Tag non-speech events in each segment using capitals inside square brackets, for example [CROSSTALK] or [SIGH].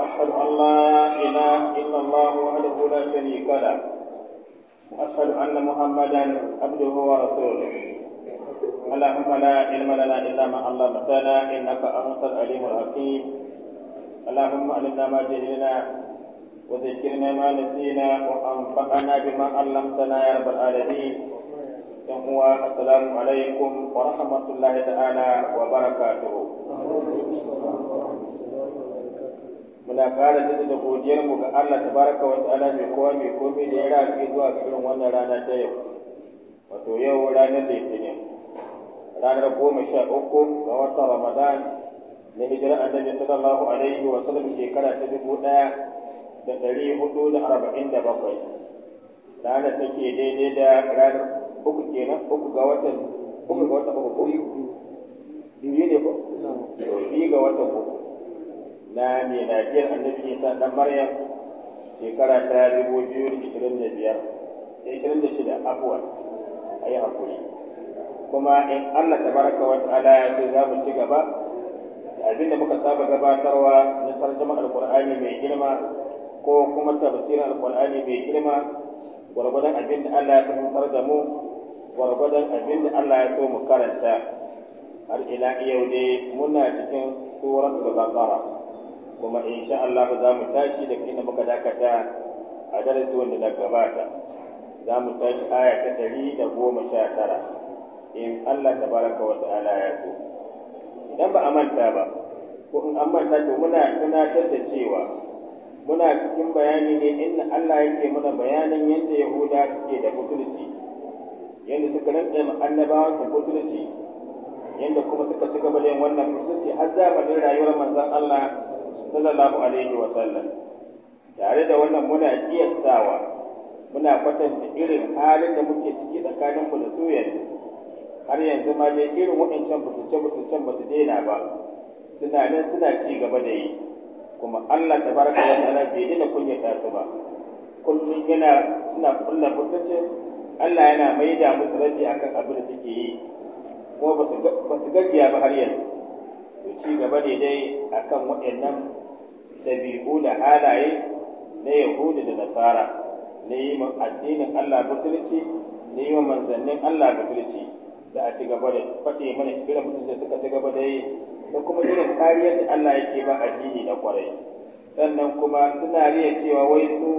وأشهد أن لا إله إلا الله وحده لا شريك له وأشهد أن محمدا عبده ورسوله اللهم لا علم لنا إلا ما علمتنا إنك أنت العليم الحكيم اللهم علمنا ما جهلنا وذكرنا ما نسينا وأنفقنا بما علمتنا يا رب العالمين هو السلام عليكم ورحمة الله تعالى وبركاته muna ƙara da godiyar mu ga Allah tabaraka wa ta'ala mai kowa mai komai da ya rafi zuwa cikin wannan rana ta yau wato yau ranar litinin ranar goma sha uku ga watan ramadan na hijirar annabi sallallahu alaihi wa sallam shekara ta dubu daya. da ɗari hudu da arba'in da bakwai ranar ke daidai da ranar uku kenan uku ga watan uku ga watan uku biyu ne ko biyu ga watan uku na miladiyar annabi isa dan maryam shekara ta dubu biyu da ishirin da biyar da ishirin da shida afuwan a yi haƙuri kuma in allah ta tabaraka wa ta'ala ya ce za mu ci gaba da abinda muka saba gabatarwa na tarjama alƙur'ani mai girma ko kuma tafsirin alƙur'ani mai girma gwargwadon abinda allah ya fahimtar da mu gwargwadon abin allah ya so mu karanta har ila yau dai muna cikin surar da bakara kuma insha Allah za mu tashi da kina muka dakata a darasi wanda na gabata za mu tashi aya ta dari da goma sha tara in Allah tabaraka wa ta'ala ya so idan ba a manta ba ko in an manta to muna tunatar da cewa muna cikin bayani ne inna Allah yake muna bayanin yadda Yahuda suke da mutunci yadda suka rantsa ma annabawan su mutunci yadda kuma suka ci gaba da yin wannan mutunci har zamanin rayuwar manzon Allah sallallahu alaihi wa sallam tare da wannan muna kiyastawa muna kwatanta irin halin da muke ciki tsakanin mu da suyan har yanzu ma dai irin waɗancan butulce can ba su daina ba suna nan suna ci gaba da yi kuma Allah ta baraka wa ta'ala bai daina kunyata su ba kullum yana suna kulla butulce Allah yana maida musu rabi akan abin da suke yi kuma ba su gajiya ba har yanzu to ci gaba ne dai akan waɗannan ɗabi'u da halaye na yahudu da nasara na yi ma addinin allah butulci na yi ma manzannin allah butulci da a ci gaba da faɗi mana kira mutum da suka ci gaba da yi da kuma irin kariyar da allah yake ba addini na kwarai sannan kuma suna riya cewa wai su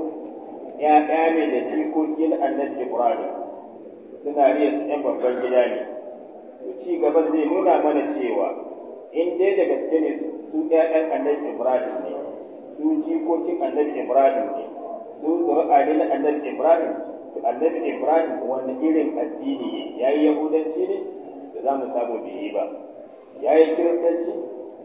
‘ya'ya ne da jikokin annabi Ibrahim suna riya su ‘yan babban gida ne, ci gaba zai nuna mana cewa in dai da gaske ne su ƴaƴan annabi Ibrahim ne su jikokin annabi Ibrahim ne su zuri'a na annabi Ibrahim to annabi Ibrahim wani irin addini ne yayi yahudanci ne da za mu samu biyi ba, ba yayi kiristanci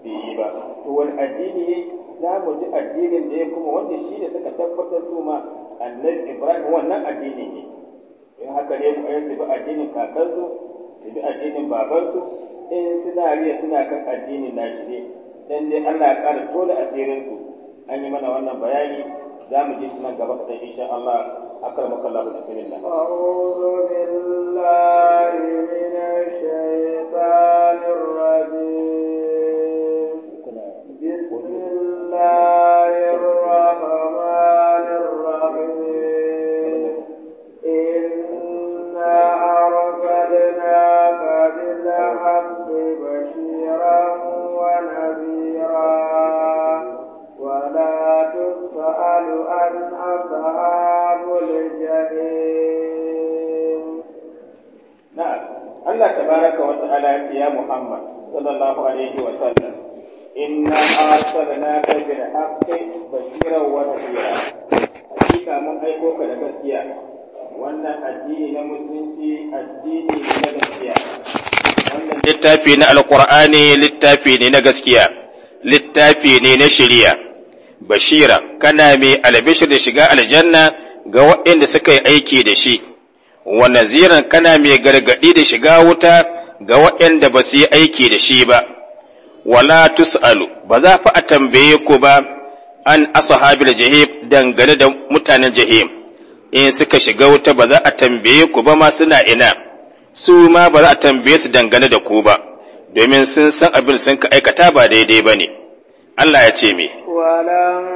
biyi ba to wani addini ne za mu ji addinin da ya kuma wanda shi ne suka tabbatar su ma annabi Ibrahim wannan addini ne in haka ne ku su bi addinin kakansu su bi addinin babansu in suna riya suna kan addinin nashi ne dan dai Allah ya ƙara tola asirin su an yi mana wannan bayani za mu ji nan gaba kaɗan insha Allah akramaka Allah bismillah a'udhu billahi minash shaitanir صلى الله عليه وسلم إنا أرسلناك بالحق بشيرا ونذيرا حقيقة من addini na وأن الدين ne الدين gaskiya. littafi na Alƙur'ani littafi ne na gaskiya littafi ne na shirya bashira kana mai albishir da shiga aljanna ga waɗanda suka yi aiki da shi wa naziran kana mai gargaɗi da shiga wuta ga waɗanda ba su yi aiki da shi ba wala tus'alu ba za fi a tambaye ku ba an ashabil jahim dangane da mutanen jahim in suka shiga wuta ba za a tambaye ku ba ma suna ina su ma ba za a tambaye su dangane da ku ba domin sun san abin sun ka aikata ba daidai ba ne Allah ya ce me walam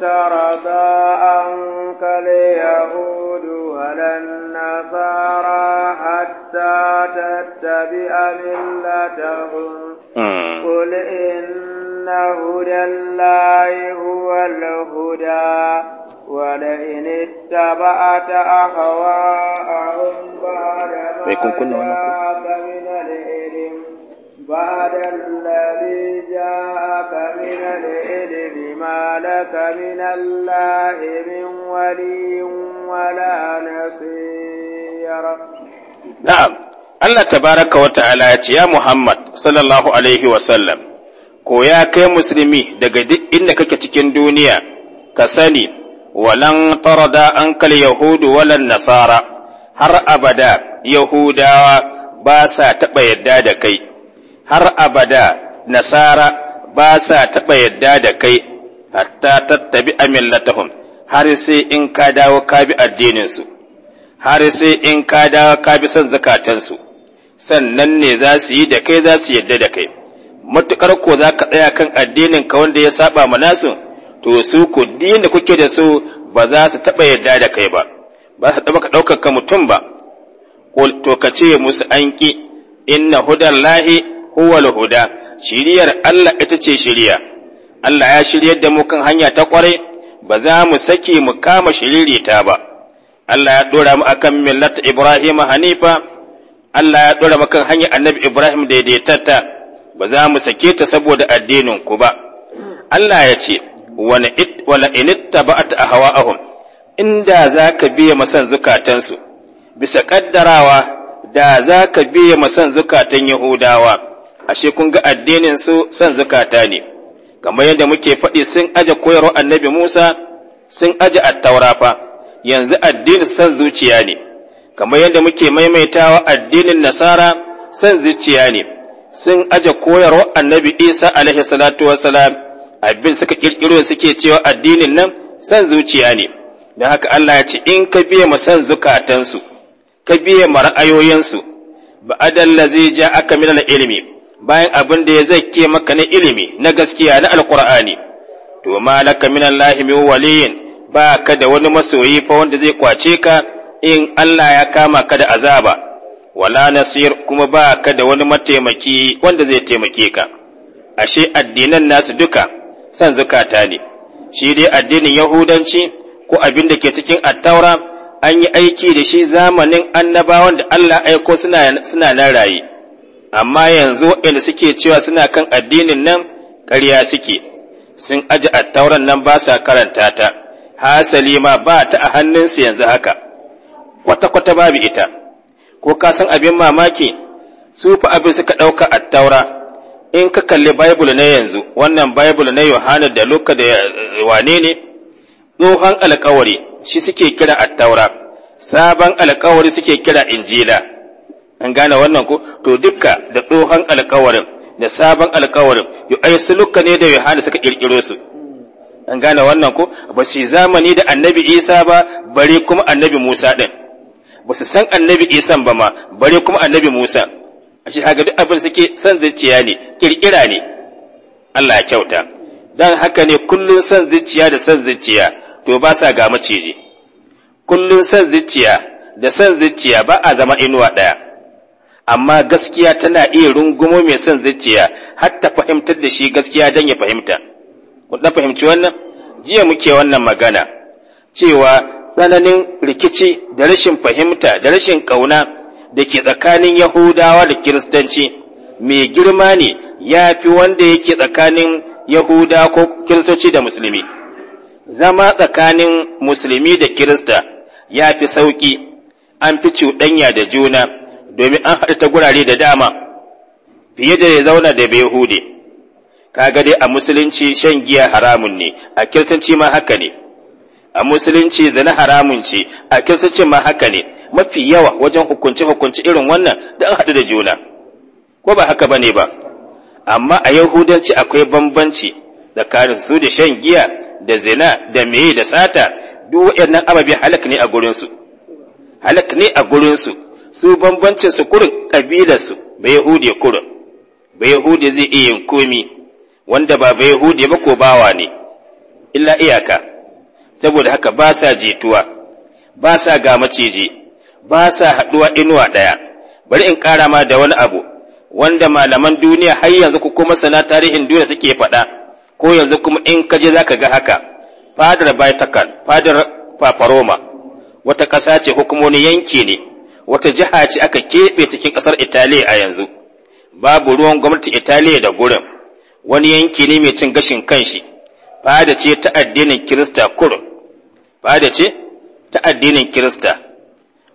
an kale yahoo. ولا النصارى حتى تتبع ملتهم قل إن هدى الله هو الهدى ولئن اتبعت أهواءهم بعد ما جاءك من العلم بعد الذي جاءك من العلم ما لك من الله من ولي ولا نصير نعم Allah tabaraka wa يا محمد صلى Ya Muhammad وسلم koya ko ya kai musulmi daga duk inda kake cikin duniya, ka sani, walan tarada an kal Yahudu walan Nasara, har abada Yahudawa ba sa taɓa yadda da kai, har abada Nasara ba sa taɓa yadda da kai, hatta tattabi a har sai in ka dawo ka bi addininsu har sai in ka dawo ka bi son zakatansu sannan ne za su yi da kai za su yadda da kai matuƙar ko za ka tsaya kan addinin ka wanda ya saba ma nasu to su ku da kuke da su ba za su taɓa yadda da kai ba ba su taɓa ɗaukar ka mutum ba to ka ce musu an ƙi inna hudan lahi huwal huda shiriyar Allah ita ce shiriya Allah ya shiryar da mu kan hanya ta ƙwarai ba za mu sake mu kama shiririta ba Allah ya dora mu akan millat Ibrahim Hanifa Allah ya dora mu kan hanyar Annabi Ibrahim daidaitatta ba za mu sake ta saboda addinin ku ba Allah ya ce wala inittaba'at ahwa'ahum inda zaka biye masan zukatansu bisa kaddarawa da zaka biye masan zukatan Yahudawa ashe kun ga addinin su san zukata ne kamar yadda muke faɗi sun aje koyarwar annabi Musa sun aje attaura fa yanzu addinin san zuciya ne kamar yadda muke maimaitawa addinin nasara san zuciya ne sun aje koyarwar annabi Isa alaihi salatu wassalam abin suka kirkiro suke cewa addinin nan san zuciya ne don haka Allah ya ce in ka biye ma san zukatansu ka biye ma ra'ayoyinsu ja ja'aka minal ilmi bayan abin da ya zake maka na ilimi na gaskiya na alkur'ani to malaka min allahi min waliyin ba ka da wani masoyi fa wanda zai kwace ka in Allah ya kama ka da azaba wala nasir kuma ba ka da wani mataimaki wanda zai taimake ka ashe addinan nasu duka san zukata ne shi dai addinin yahudanci ko abin da ke cikin attaura an yi aiki da shi zamanin annabawan da Allah aiko suna nan raye amma yanzu waɗanda suke cewa suna kan addinin nan ƙarya suke sun aji attauran nan ba sa karanta ta hasali ma ba ta a hannunsu yanzu haka kwata-kwata babu ita ko ka san abin mamaki su fa abin suka ɗauka attaura in ka kalli baibul na yanzu wannan baibul na yohana da luka da eh, wane ne tsohon alkawari shi suke kira attaura sabon alkawari suke kira injila an gane wannan ko to dukka da tsohon alkawarin da sabon alkawarin yu ai suluka ne da yohana suka kirkiro su an gane wannan ko ba su zamani da annabi isa ba bare kuma annabi musa din ba su san annabi isan ba ma bare kuma annabi musa shi haka duk abin suke san zuciya ne kirkira ne allah ya kyauta dan haka ne kullun san zuciya da san zuciya to ba sa ga maciji kullun san zuciya da san zuciya ba a zama inuwa ɗaya amma gaskiya tana iya rungumo mai son zuciya har ta fahimtar da shi gaskiya don ya fahimta ku ɗan fahimci wannan jiya muke wannan magana cewa tsananin rikici da rashin fahimta da rashin ƙauna da ke tsakanin yahudawa da kiristanci mai girma ne ya fi wanda yake tsakanin yahuda ko kiristoci da musulmi zama tsakanin musulmi da kirista ya fi sauƙi an fi cuɗanya da juna domin an haɗu ta gurare da dama fiye da ya zauna da bai hude kaga dai a musulunci shan giya haramun ne a kiristanci ma haka ne a musulunci zina haramun ce a kiristanci ma haka ne mafi yawa wajen hukunci hukunci irin wannan da an haɗu da juna ko ba haka ne ba amma a yahudanci akwai bambanci tsakanin su da shan giya da zina da meye da sata duk waɗannan ababe halak ne a gurinsu halak ne a gurinsu su bambancin su kurin ƙabilarsu ba Yahudi kurin, ba Yahudi zai iya yin komi wanda ba ba Yahudi ba ko bawa ne, illa iyaka, saboda haka ba sa jituwa, ba sa ga maciji, ba sa haɗuwa inuwa ɗaya, bari in ƙara ma da wani abu, wanda malaman duniya har yanzu ku kuma sana tarihin duniya suke faɗa, ko yanzu kuma in ka je za ka ga haka, fadar Baitakal, fadar paparoma. wata ƙasa ce hukumoni yanki ne, wata jiha ce aka keɓe cikin ƙasar Italiya a yanzu, babu ruwan gwamnatin Italiya da gurin, wani yanki ne mai cin gashin kanshi, fada ce ta addinin Kirista kurin. fada ce ta addinin Kirista,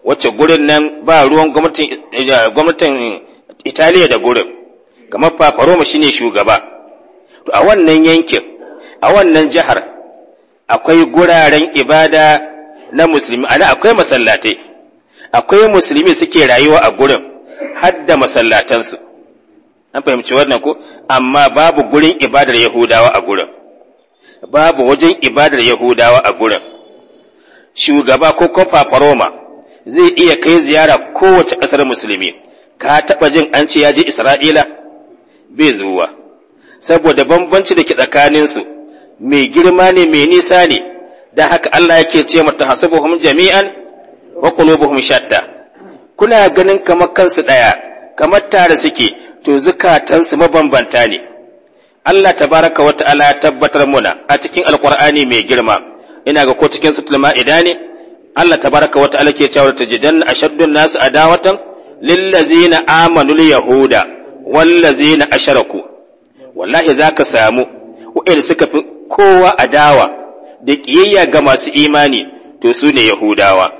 wacce gurin nan ba ruwan gwamnatin eh, Italiya da gurin, kamar Fafaroma shine shine shugaba. To a wannan yankin, a wannan jihar, akwai guraren ibada na musulmi, ana akwai masallatai. akwai musulmi suke rayuwa a gurin hadda masallatansu an fahimci wannan ko amma babu gurin ibadar yahudawa a gurin babu wajen ibadar yahudawa a gurin shugaba ko kofa faroma zai iya kai ziyara kowace ƙasar musulmi ka taɓa jin an ce ya je isra'ila bai zuwa saboda bambanci da ke tsakaninsu mai girma ne mai nisa ne da haka allah yake ce mata hasubuhum jami'an wa qulubuhum shatta kuna ganin kamar kansu daya kamar tare suke to zukatansu mabambanta ne Allah tabaraka wa ta'ala tabbatar muna a cikin alqur'ani mai girma ina ga ko cikin sutul ma'ida ne Allah tabaraka wa ta'ala ke cewa tajidanna ashaddun nasu adawatan lillazina amanu yahuda wallazina asharaku wallahi zaka samu wa'anda suka fi kowa adawa da kiyayya ga masu imani to su ne yahudawa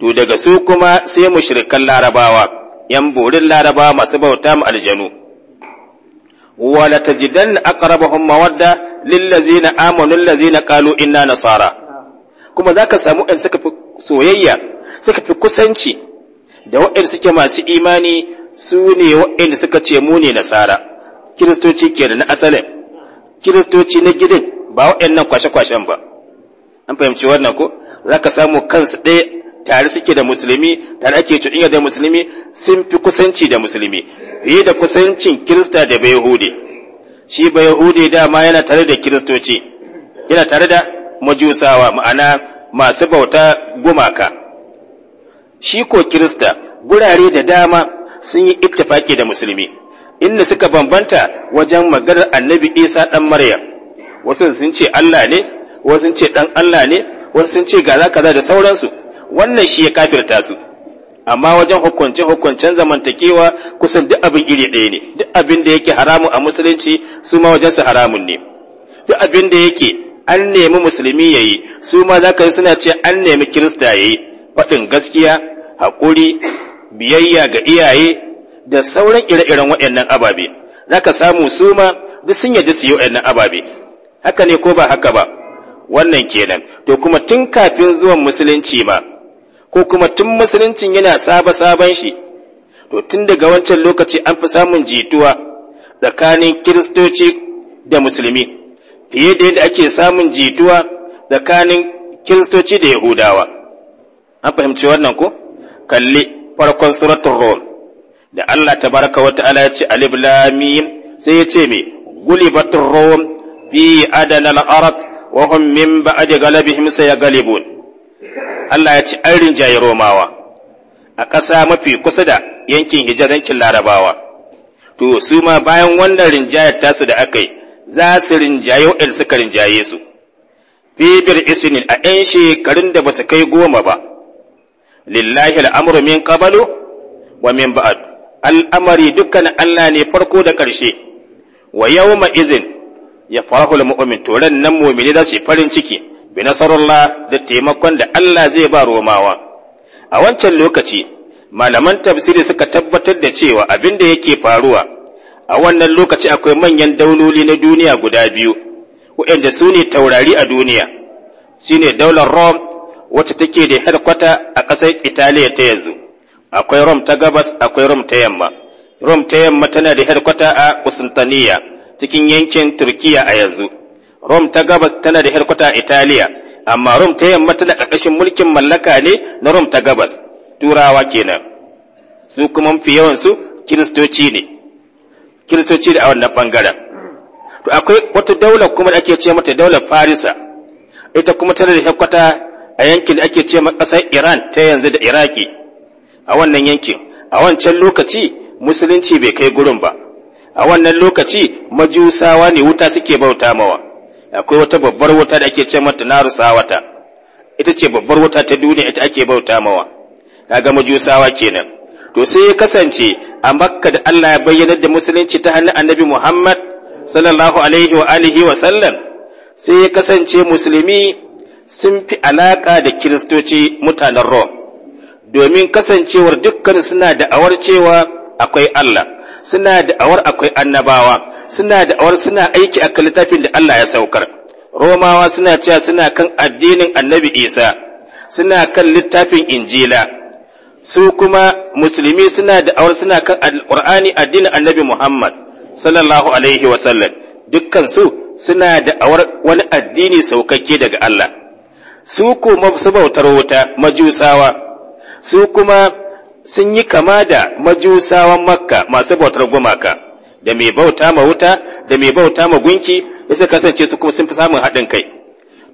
to daga su kuma sai mushrikan larabawa yan borin laraba masu bauta mu aljanu la tajidan aqrabahum mawadda ladzina amanu na qalu inna nasara kuma zaka samu ɗan suka fi soyayya suka fi kusanci da waɗanda suke masu imani su ne wa'in suka ce mu ne nasara kiristoci kenan na asalin kiristoci na gidan ba waɗannan kwashe-kwashen ba an fahimci wannan ko zaka samu kansu ɗaya tare suke da musulmi tare ake cuɗinya da musulmi sun fi kusanci da musulmi fiye da kusancin kirista da hude. shi hude dama yana tare da kiristoci yana tare da majusawa ma'ana masu bauta gumaka shi ko kirista gurare da dama sun yi ittifaki da musulmi inda suka bambanta wajen maganar annabi isa ɗan maryam wasu sun ce allah ne wasu sun ce ɗan allah ne wasu sun ce gaza kaza da sauransu wannan shi ya kafirta su amma wajen hukunce hukuncen zamantakewa kusan duk abin iri ɗaya ne duk abin da yake haramu a musulunci su ma wajen su haramun ne duk abin da yake an nemi musulmi yayi su ma za ka suna ce an nemi kirista yayi faɗin gaskiya haƙuri biyayya ga iyaye da sauran ire-iren waɗannan ababe za ka samu su ma duk sun yaji su yi waɗannan ababe haka ne ko ba haka ba wannan kenan to kuma tun kafin zuwan musulunci ma ko kuma tun musuluncin yana saba saban shi to tun daga wancan lokaci an fi samun jituwa tsakanin kiristoci da musulmi fiye da yadda ake samun jituwa tsakanin kiristoci da yahudawa an fahimci wannan ko kalli farkon suratun rom da Allah ta baraka wa ta'ala ya ce alif lam sai ya ce me gulibatur fi adanal arab wa hum min ba'di galabihim sayaglibun Allah ya ci an rinjaye Romawa a ƙasa mafi kusa da yankin hijar yankin Larabawa. To, su ma bayan wannan rinjayar tasu da aka yi, za su rinjaye waɗanda suka rinjaye su. Fibir isinin a ‘yan shekarun da ba su kai goma ba, lillahi al'amuru min ƙabalu wa min ba'ad, al'amari dukkan Allah ne farko da ƙarshe, wa yau izin ya farahul mu'umin, to ran nan mumini za su yi farin ciki, bi nasarullah da taimakon da Allah zai ba Romawa. A wancan lokaci, malaman tafsiri suka tabbatar da cewa abin da yake faruwa, a wannan lokaci akwai manyan dauloli na duniya guda biyu, waɗanda su ne taurari a duniya, shi ne daular Rome wacce take da harkwata a ƙasar Italiya ta yanzu, akwai Rome ta gabas, akwai Rome ta yamma. Rome ta yamma tana da harkwata a Kusantaniya cikin yankin Turkiya a yanzu. rom ta gabas tana da a Italiya, amma rom ta yamma tana ƙarƙashin mulkin mallaka ne na Rom ta gabas, Turawa kenan. Su kuma fi yawansu Kiristoci ne, Kiristoci da a wannan ɓangaren. To akwai wata daula kuma da ake ce mata daular Farisa, ita kuma tana da helkwata a yankin da ake ce ma Iran ta yanzu da Iraki, a wannan yankin. A wancan lokaci musulunci bai kai gurin ba, a wannan lokaci majusawa ne wuta suke bauta mawa. akwai wata babbar wuta da ake ce mata naru sawata ita ce babbar wuta ta duniya ita ake bauta mawa kaga majusawa kenan to sai ya kasance a makka da Allah ya bayyana da musulunci ta hannun annabi Muhammad sallallahu alaihi wa alihi wa sallam sai ya kasance musulmi sun fi alaka da kiristoci mutanen ro domin kasancewar dukkan suna da awar cewa akwai Allah suna da awar akwai annabawa suna da'awar suna aiki a kan littafin da Allah ya saukar romawa suna cewa suna kan addinin annabi isa suna kan littafin injila su kuma musulmi suna da'awar suna kan alqur'ani addinin annabi muhammad sallallahu alaihi wa sallam dukkan su suna da'awar wani addini saukakke daga Allah su kuma su bautar wuta majusawa su kuma sun yi kama da majusawan makka masu bautar gumaka da mai bauta ma wuta da mai bauta ma gunki ya suka kasance su kuma sun fi samun haɗin kai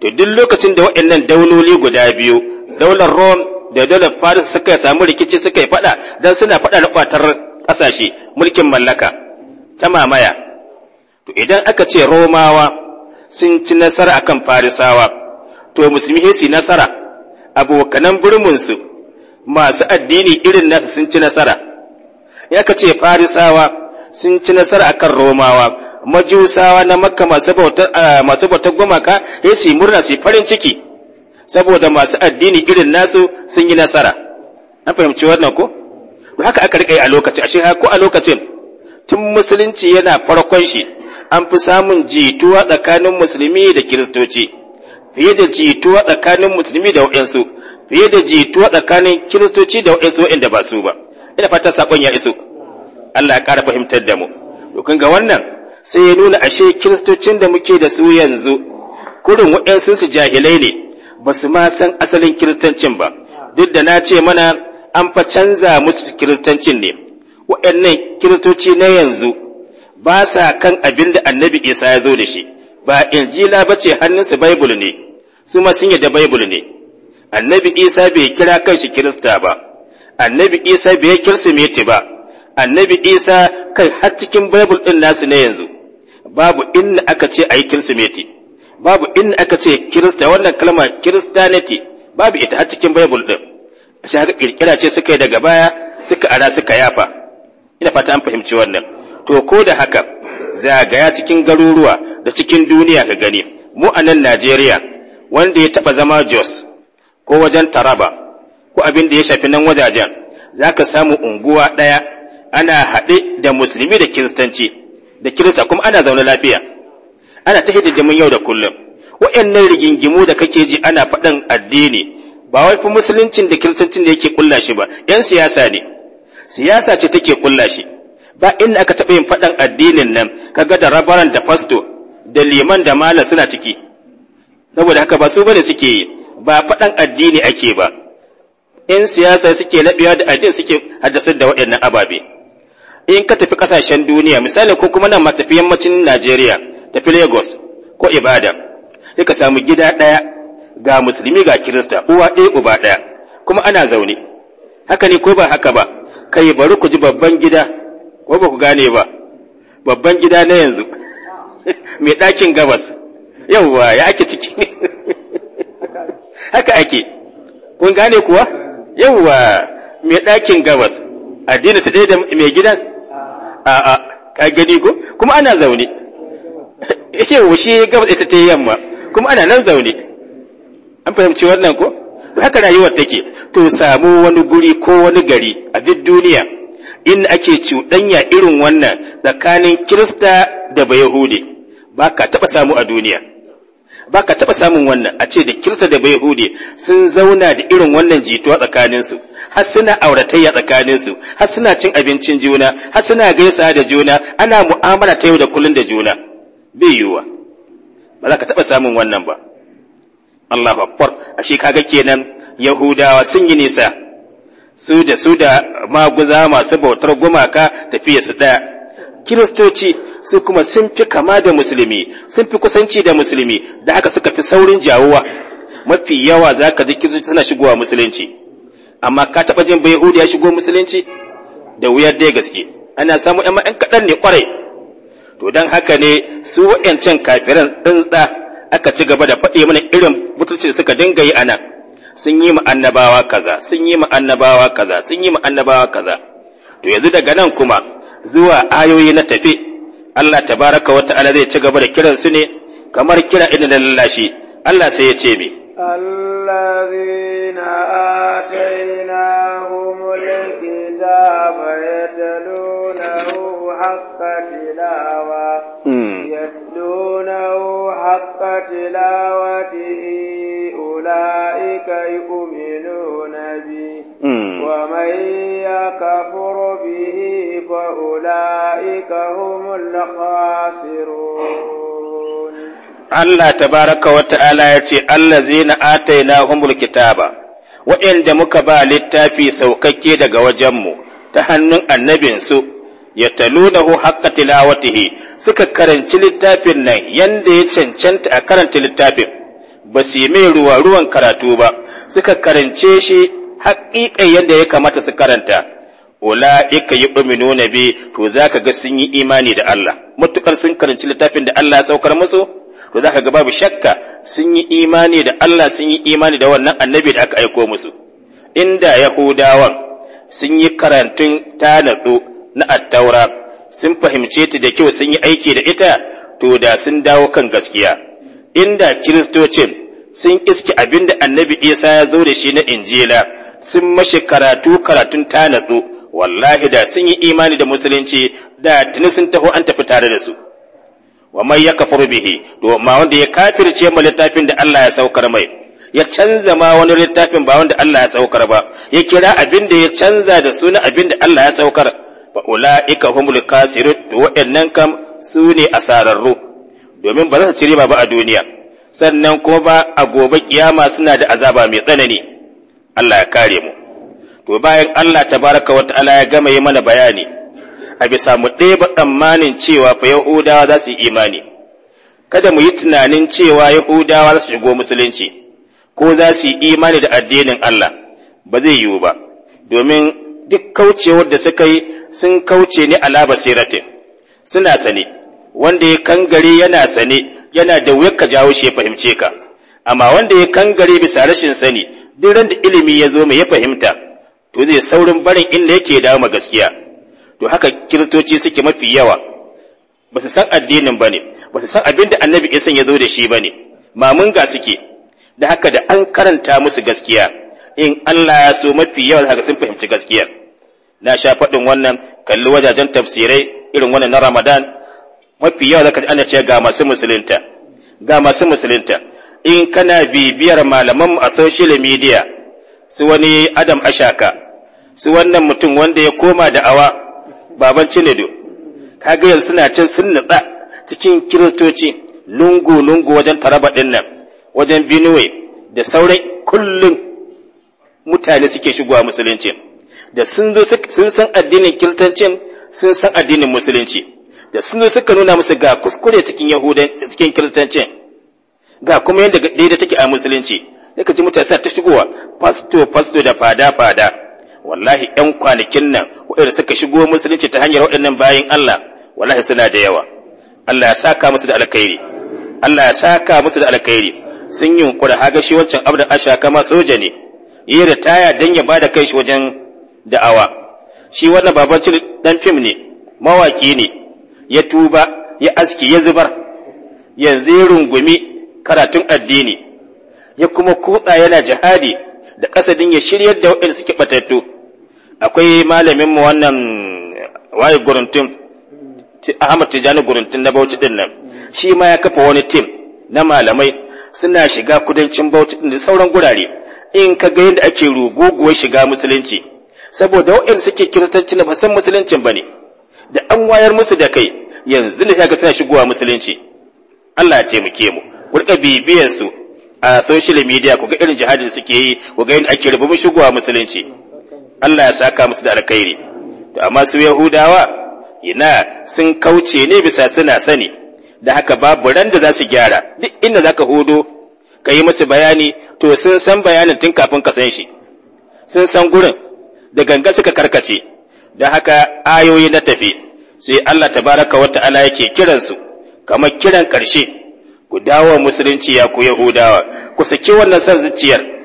to duk lokacin da waɗannan dauloli guda biyu daular rome da daular faris suka samu rikici suka yi faɗa don suna faɗa da ƙwatar ƙasashe mulkin mallaka ta mamaya to idan aka ce romawa sun ci nasara kan farisawa to musulmi su nasara abokanan burmunsu masu addini irin nasu sun ci nasara ya ka ce farisawa sun ci nasara akan romawa majusawa na makka masu bautar gumaka ya su murna su farin ciki saboda masu addini irin nasu sun yi nasara an fahimci wannan ko haka aka rika yi a lokacin ashe ha ko a lokacin tun musulunci yana farkon shi an fi samun jituwa tsakanin musulmi da kiristoci fiye da jituwa tsakanin musulmi da waɗansu fiye da jituwa tsakanin kiristoci da waɗansu waɗanda ba su ba ina fata sakon ya iso Allah ya ƙara fahimtar da mu to kun ga wannan sai ya nuna ashe kiristocin da muke da su yanzu kurin waɗansu su jahilai ne ba su ma san asalin kiristancin ba duk da na ce mana an fa canza musu kiristancin ne waɗannan kiristoci na yanzu ba sa kan abin da annabi isa ya zo da shi ba injila ba ce hannunsu baibul ne su ma sun da baibul ne annabi isa bai kira kanshi kirista ba annabi isa bai kirsimeti ba annabi isa kai har cikin bible ɗin nasu na yanzu babu inda aka ce a yi kirsimeti babu inda aka ce kirista wannan kalma kiristaniti babu ita har cikin bible ɗin shi haka kirkira ce suka yi daga baya suka ara suka yafa ina fata an fahimci wannan to ko da haka zagaya cikin garuruwa da cikin duniya ka gani mu a nan najeriya wanda ya taɓa zama jos ko wajen taraba ko abin da ya shafi nan wajajen za ka samu unguwa ɗaya ana haɗe da musulmi da kiristanci da kirista kuma ana zaune lafiya ana ta jimin yau da kullum wa'annan rigingimu da kake ji ana faɗin addini ba wai fi musuluncin da kiristancin da yake kulla shi ba yan siyasa ne siyasa ce take kulla shi ba inda aka taɓa yin faɗin addinin nan kaga da rabaran da fasto da liman da malam suna ciki saboda haka ba su bane suke yi ba faɗin addini ake ba in siyasa suke laɓewa da addini suke haddasar da waɗannan ababe in ka tafi kasashen duniya misali ko kuma nan tafi yammacin Najeriya tafi Lagos ko Ibadan sai ka samu gida ɗaya ga musulmi ga kirista uwa ɗaya uba ɗaya kuma ana zaune haka ne ko ba haka ba kai bari ku ji babban gida ko ba ku gane ba babban gida na yanzu [LAUGHS] mai ɗakin gabas yauwa ya ake ciki [LAUGHS] haka ake kun gane kuwa yauwa mai ɗakin gabas addini ta ɗaya da mai gidan a'a ka gani ko kuma ana zaune yake wushe gabas ita ta yamma kuma ana nan zaune an fahimci wannan ko haka rayuwar take to samu wani guri ko wani gari a duk duniya in ake cuɗanya irin wannan tsakanin kirista da yahudi ba ka taɓa samu a duniya ba ka taɓa samun wannan a ce da kirsa da bai sun zauna da irin wannan jituwa tsakaninsu har suna auratayya tsakaninsu har suna cin abincin juna har suna gaisa da juna ana mu'amala ta yau da kullun da juna bai yiwuwa ba za ka taɓa samun wannan ba Allahu akbar shi kaga kenan Yahudawa sun yi nisa su da su da maguza masu bautar gumaka tafiya su daya. Kiristoci sai kuma sun fi kama da musulmi sun fi kusanci da musulmi da haka suka fi saurin jawuwa mafi yawa za ka jikin zuci suna shigowa musulunci amma ka taɓa jin bai ya shigo musulunci da wuya dai gaske ana samu yan ma'an kaɗan ne ƙwarai to don haka ne su wayancan kafiran da aka ci gaba da faɗi mana irin mutuncin da suka dinga yi a nan sun yi ma annabawa kaza sun yi ma annabawa kaza sun yi ma annabawa kaza to yanzu daga nan kuma zuwa ayoyi na tafi Allah tabaraka wa ta'ala zai ci gaba da kiran su ne kamar kira inda da lallashi Allah sai ya ce me allazina atainahumul kitaba yatlunahu haqqa tilawa hmm. yatlunahu haqqa tilawatihi ulaika yu'minuna bi hmm. wa man yakfur bihi فأولئك ya ce, Allah zai na يتي na آتيناهم kitaba. Waɗanda muka ba littafi saukakke daga wajenmu ta hannun annabinsu ya hu haqqa tilawatihi suka karanci littafin nan yanda ya cancanta a karanta littafin ba su yi mai ruwa ruwan karatu ba suka karance shi haƙiƙan yadda ya kamata su karanta ula'ika yu'minu nabi to zaka ga sun yi imani da Allah mutukar sun karanci littafin da Allah ya saukar musu to zaka ga babu shakka sun yi imani da Allah sun yi imani da wannan annabi da aka aiko musu inda yahudawan sun yi karantun tanadu na attaura sun fahimce ta da kyau sun yi aiki da ita to da sun dawo kan gaskiya inda kiristocin sun iske abinda annabi isa ya zo da shi na injila sun mashi karatu karatun tanadu wallahi da sun yi imani da musulunci da tuni sun taho an tafi tare da su wa mai ya kafar bihi to ma wanda ya kafirce ma littafin da Allah ya saukar mai ya canza ma wani littafin ba wanda Allah ya saukar ba ya kira abin da ya canza da suna abin da Allah ya saukar fa ulaika humul kasirun to wa'annan kam su ne asararru domin ba za su ci riba ba a duniya sannan kuma ba a gobe kiyama suna da azaba mai tsanani Allah ya kare mu to bayan Allah tabaraka wa ta'ala ya gama yi mana bayani a bisa mu ɗeba tsammanin cewa fa yahudawa za su yi imani kada mu yi tunanin cewa yahudawa za su shigo musulunci ko za su yi imani da addinin Allah ba zai yiwu ba domin duk kaucewar da suka yi sun kauce ni ala basiratin suna sane wanda ya kangare yana sane yana da wuyar ka jawo shi ya fahimce ka amma wanda ya kangare bisa rashin sani duk randa ilimi ya zo mai ya fahimta to zai saurin barin inda yake dawo ma gaskiya to haka kiristoci suke mafi yawa ba su san addinin ba ne ba su san abin da annabi isan ya zo da shi ba ne ga suke da haka da an karanta musu gaskiya in Allah ya so mafi yawa haka sun fahimci gaskiya na sha faɗin wannan kalli wajajen tafsirai irin wannan na Ramadan mafi yawa zaka ana ce ga masu musulunta ga masu musulunta in kana bibiyar malaman a social media su wani Adam Ashaka su wannan mutum wanda ya koma da awa baban cinedo kaga yanzu suna can sun nutsa cikin kiristoci lungu lungu wajen taraba din nan wajen binuwe da sauran kullum mutane suke shigowa musulunci da sun san addinin kiristancin sun san addinin musulunci da sun zo suka nuna musu ga kuskure cikin yahudan cikin kiristancin ga kuma yadda daidai take a musulunci sai ka ji mutane suna ta shigowa fasto fasto da fada fada wallahi ‘yan kwanakin nan waɗanda suka shigo musulunci ta hanyar waɗannan bayan Allah wallahi suna da yawa Allah ya saka musu da alkhairi Allah ya saka musu da alkhairi sun yi yunkura haga shi wancan abu da asha kama soja ne yi taya don ya ba da kai shi wajen da'awa shi wannan baban cin dan fim ne Mawaƙi ne ya tuba ya aski ya zubar yanzu ya rungumi karatun addini ya kuma kuɗa yana jihadi da kasadin ya shiryar da waɗanda suke batattu akwai malamin wannan waye guruntun Ahmad Tijani guruntun na Bauchi din nan shi ma ya kafa wani tim na malamai suna shiga kudancin Bauchi din da sauran gurare in ka ga yadda ake ruguguwar shiga musulunci saboda waɗanda suke kiristanci ba san Musulunci ba ne da an wayar musu da kai yanzu ne ga suna shigowa musulunci Allah ya taimake mu ku rika bibiyar su a social media ku ga irin jihadin suke yi ku ga yadda ake rubu shigowa musulunci Allah ya saka musu da alkhairi to amma su yahudawa ina sun kauce ne bisa suna sani da haka babu ran da za su gyara duk inda zaka ka hudo ka yi musu bayani to sun san bayanin tun kafin ka san shi sun san gurin da ganga suka karkace da haka ayoyi na tafi sai Allah tabaraka wata ta'ala yake kiransu kamar kiran karshe ku dawo musulunci ya ku yahudawa ku saki wannan san zuciyar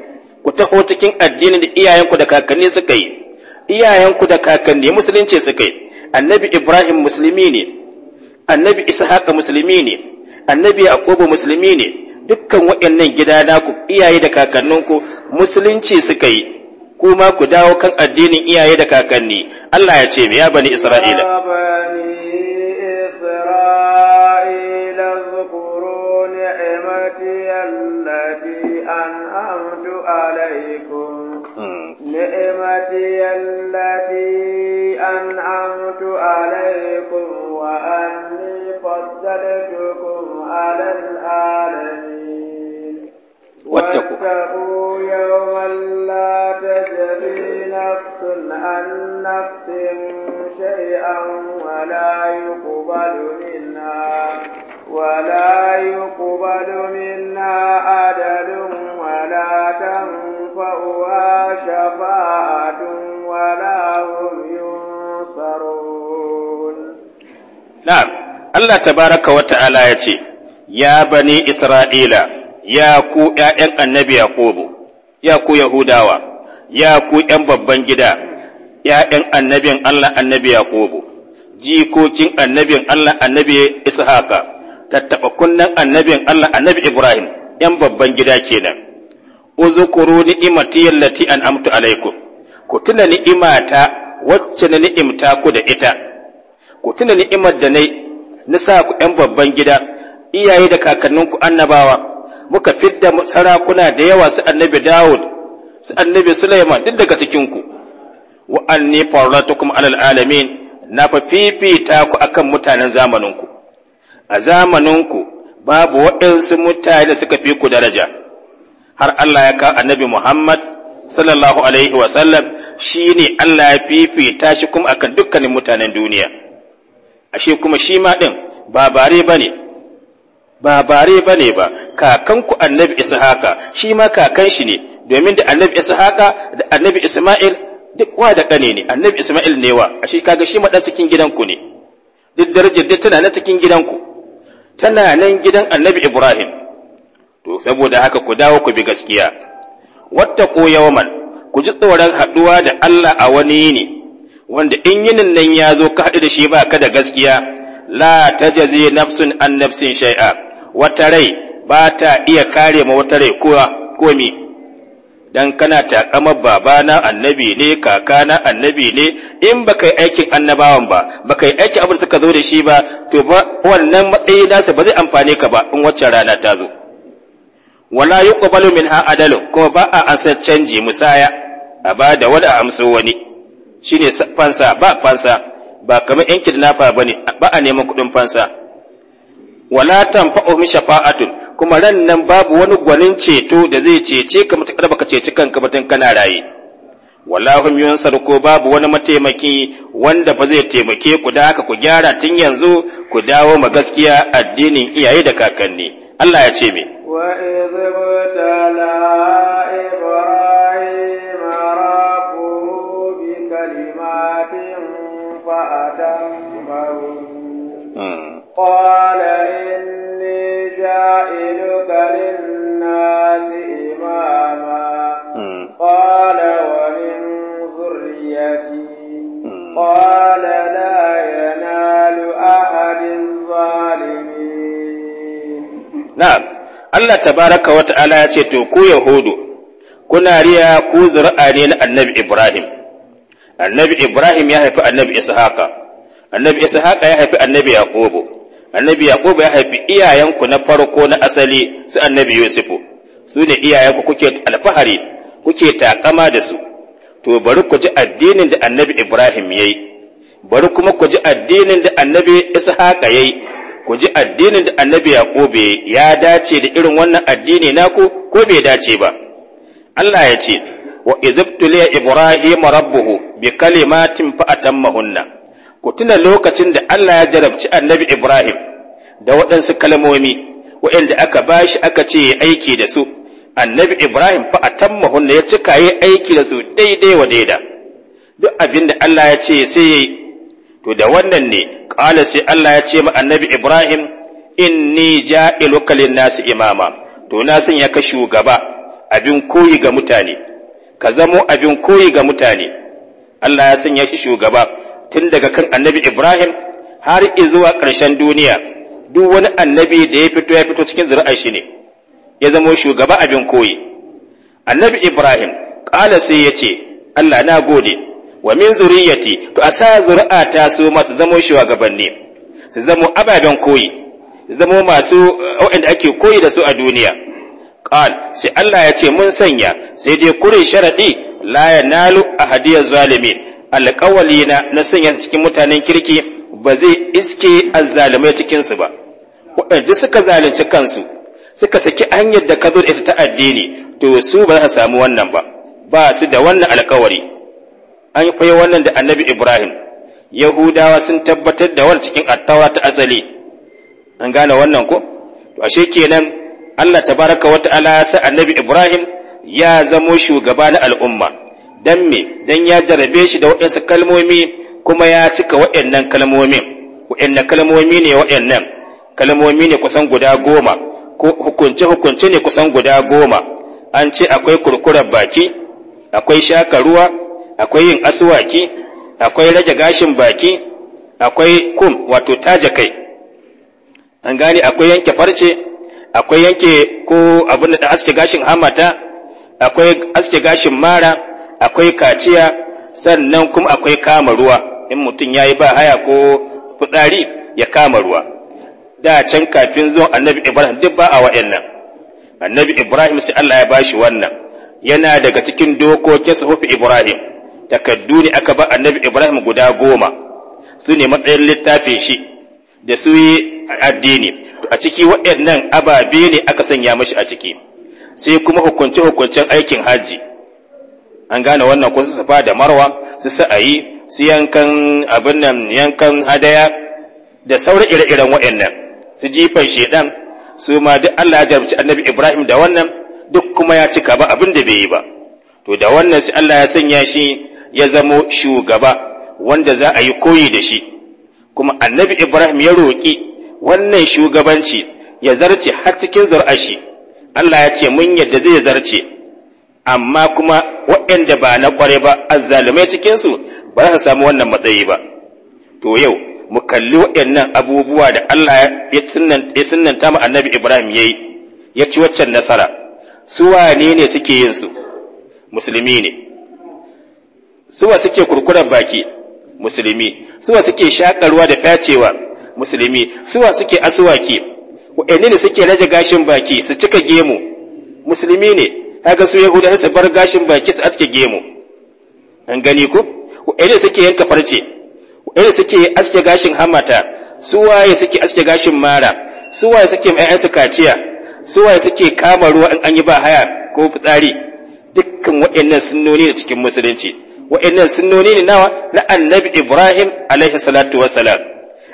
ku taho cikin addini da iyayenku da kakanni suka yi iyayenku da kakanni musulunci suka yi annabi ibrahim musulmi ne annabi ishaqa musulmi ne annabi yaqubu musulmi ne dukkan waɗannan gida ku iyaye da kakanninku musulunci suka yi kuma ku dawo kan addinin iyaye da kakanni Allah ya ce ya bani isra'ila أرسلتكم على العالمين واتقوا, واتقوا يوما لا تجري نفس عن نفس شيئا ولا يقبل منها ولا يقبل منا عدل ولا تنفعها شفاعة ولا هم ينصرون نعم Allah tabaraka wa ta'ala ya ce, Ya bani Isra'ila, ya ku ’ya'yan annabi Yakubu, ya ku Yahudawa, ya ku ’yan babban gida, ’ya'yan annabin Allah annabi Yakubu, jikokin annabin Allah annabi Ishaqa, tattaɓa kunnen annabin Allah annabi Ibrahim, ’yan babban gida kenan. Uzukuru ni'imati yallati an amtu alaikum, ku tuna ni'imata wacce na ni'imta ku da ita, ku tuna ni'imar da na na sa ku ‘yan babban gida, iyaye da kakanninku annabawa, muka fidda sarakuna da yawa su annabi Dawud, su annabi Sulaiman duk daga cikinku, wa anni kuma alal alamin na fa fifita ku akan mutanen zamaninku. A zamaninku babu waɗansu mutane da suka fi ku daraja, har Allah ya kawo annabi Muhammad sallallahu alaihi wasallam shi ne Allah ya fifita shi kuma akan dukkanin mutanen duniya. ashe kuma shi ma ɗin ba bare ba ne ba bare ba ne ba kakanku annabi ishaqa shi ma kakan shi ne domin da annabi ishaqa da annabi isma'il duk wa da kane ne annabi isma'il ne wa ashe kaga shi ma dan cikin gidanku ne duk darajar da tana na cikin gidanku tana nan gidan annabi ibrahim to saboda haka ku dawo ku bi gaskiya Wata yawman ku ji tsoron haduwa da Allah a wani ne. wanda in yinin nan ya zo ka haɗu da shi ba ka da gaskiya la jaze nafsun an nafsin shai'a wata rai ba ta iya kare ma wata rai kowa komi dan kana takamar babana annabi ne kakana annabi ne in ka yi aikin annabawan ba ka yi aikin abin suka zo da shi ba to ba wannan matsayi nasa ba zai amfani ka ba in wacce rana ta zo wala yuqbalu minha adalu kuma ba a ansar canji musaya a bada wani a wani shine fansa ba fansa ba kamar yan kidnapper bane ba a neman kuɗin fansa wala fa'o mi shafa'atun kuma ran nan babu wani gwanin ceto da zai cece ka mutakar baka ceci kanka batun kana raye wala hum ko babu wani mataimaki wanda ba zai taimake ku da haka ku gyara tun yanzu ku dawo ma gaskiya addinin iyaye da kakanni Allah ya ce me wa قال إني جائلك للناس إماما قال ومن ذريتي قال لا ينال أحد الظالمين نعم Allah tabaraka wa ta'ala ya ce, To, ku Yahudu, kuna riya ku zuri'a ne na annabi Ibrahim, annabi Ibrahim ya haifi annabi Ishaqa, annabi Ishaqa ya haifi annabi Yakobo? annabi yaqub ya haifi iyayenku na farko na asali su annabi yusufu su ne iyayenku kuke alfahari kuke takama da su to bari ku ji addinin da annabi ibrahim ya yi, bari kuma ku ji addinin da annabi ishaqa yi, ku ji addinin da annabi yaqub ya dace da irin wannan addini naku ko bai dace ba Allah ya ce wa idh li ibrahim rabbuhu bi kalimatin fa atammahunna ku tuna lokacin da Allah ya jarabci annabi Ibrahim da waɗansu kalmomi waɗanda aka ba shi aka ce ya aiki da su annabi Ibrahim fa atammahun ya cika ya aiki da su daidai wa daida duk abin da Allah ya ce sai yi, to da wannan ne qala sai Allah ya ce ma annabi Ibrahim inni ja'iluka lin nasu imama to na sanya ka shugaba abin koyi ga mutane ka zamo abin koyi ga mutane Allah ya sanya shi shugaba tun daga kan annabi Ibrahim har zuwa ƙarshen duniya duk wani annabi da ya fito ya fito cikin zuri'ar shi ne ya zama shugaba abin koyi annabi Ibrahim ƙala sai ya ce Allah na gode wa min zuriyati to a sa zuri'a ta su masu zama shugabanni su zamo ababen koyi su zamo masu eh, waɗanda ake koyi da su a duniya ƙal sai Allah ya ce mun sanya sai dai kure sharadi la yanalu ahadiyaz zalimin alƙawali na na sanya cikin mutanen kirki ba zai iske azzalumai cikinsu ba waɗanda suka zalunci kansu suka saki hanyar da ka zo da ita ta addini to su ba za samu wannan ba ba su da wannan alƙawari an yi wannan da annabi ibrahim yahudawa sun tabbatar da wani cikin attawa ta asali an gane wannan ko to ashe kenan allah tabaraka wa ta'ala ya sa annabi ibrahim ya zamo shugaba na al'umma dan me dan ya jarabe shi da waɗansu kalmomi kuma ya cika waɗannan kalmomin waɗannan kalmomi ne waɗannan kalmomi ne kusan guda goma ko hukunce hukunce ne kusan guda goma an ce akwai kurkurar baki akwai shaka ruwa akwai yin aswaki akwai rage gashin baki akwai kum wato taje kai an gane akwai yanke farce akwai yanke ko abin da aske gashin hamata akwai aske gashin mara akwai kaciya sannan kuma akwai kama ruwa in mutum ya yi ba haya ko fudari ya kama ruwa da can kafin zuwan annabi ibrahim duk ba a wa'annan annabi ibrahim sai allah ya bashi wannan yana daga cikin dokokin suhufi ibrahim takaddu ne aka ba annabi ibrahim guda goma su ne matsayin littafin shi da su yi addini a ciki waɗannan ababe ne aka sanya mashi a ciki sai kuma hukunce-hukuncen aikin hajji an gane wannan kun su safa da marwa su sa'ayi su yankan abin nan yankan hadaya da sauran ire-iren waɗannan su jifan shedan su ma duk Allah ya annabi Ibrahim da wannan duk kuma ya cika ba abin da bai yi ba to da wannan sai Allah ya sanya shi ya zamo shugaba wanda za a yi koyi da shi kuma annabi Ibrahim ya roƙi wannan shugabanci ya zarce har cikin zuri'ar shi Allah ya ce mun yadda zai zarce amma kuma waɗanda ba na ƙware ba azzalumai cikinsu ba za su samu wannan matsayi ba to yau mu kalli waɗannan abubuwa da Allah ya sunanta mu annabi Ibrahim ya yi ya ci waccan nasara su wane ne suke yin su musulmi ne suwa suke kurkurar baki musulmi suwa suke shakarwa da facewa musulmi suwa suke aswaki waɗanne ne suke rage gashin baki su cika gemu musulmi ne kaga su yahuda su bar gashin baki su aske gemu an gani ko wa'ina suke yanka farce wa'ina suke aske gashin hamata su waye suke aske gashin mara su waye suke ƴaƴan su kaciya su waye suke kama ruwa in an yi ba haya ko fitsari dukkan wa'annan sunnoni ne cikin musulunci wa'annan sunnoni ne nawa na annabi ibrahim alaihi salatu wassalam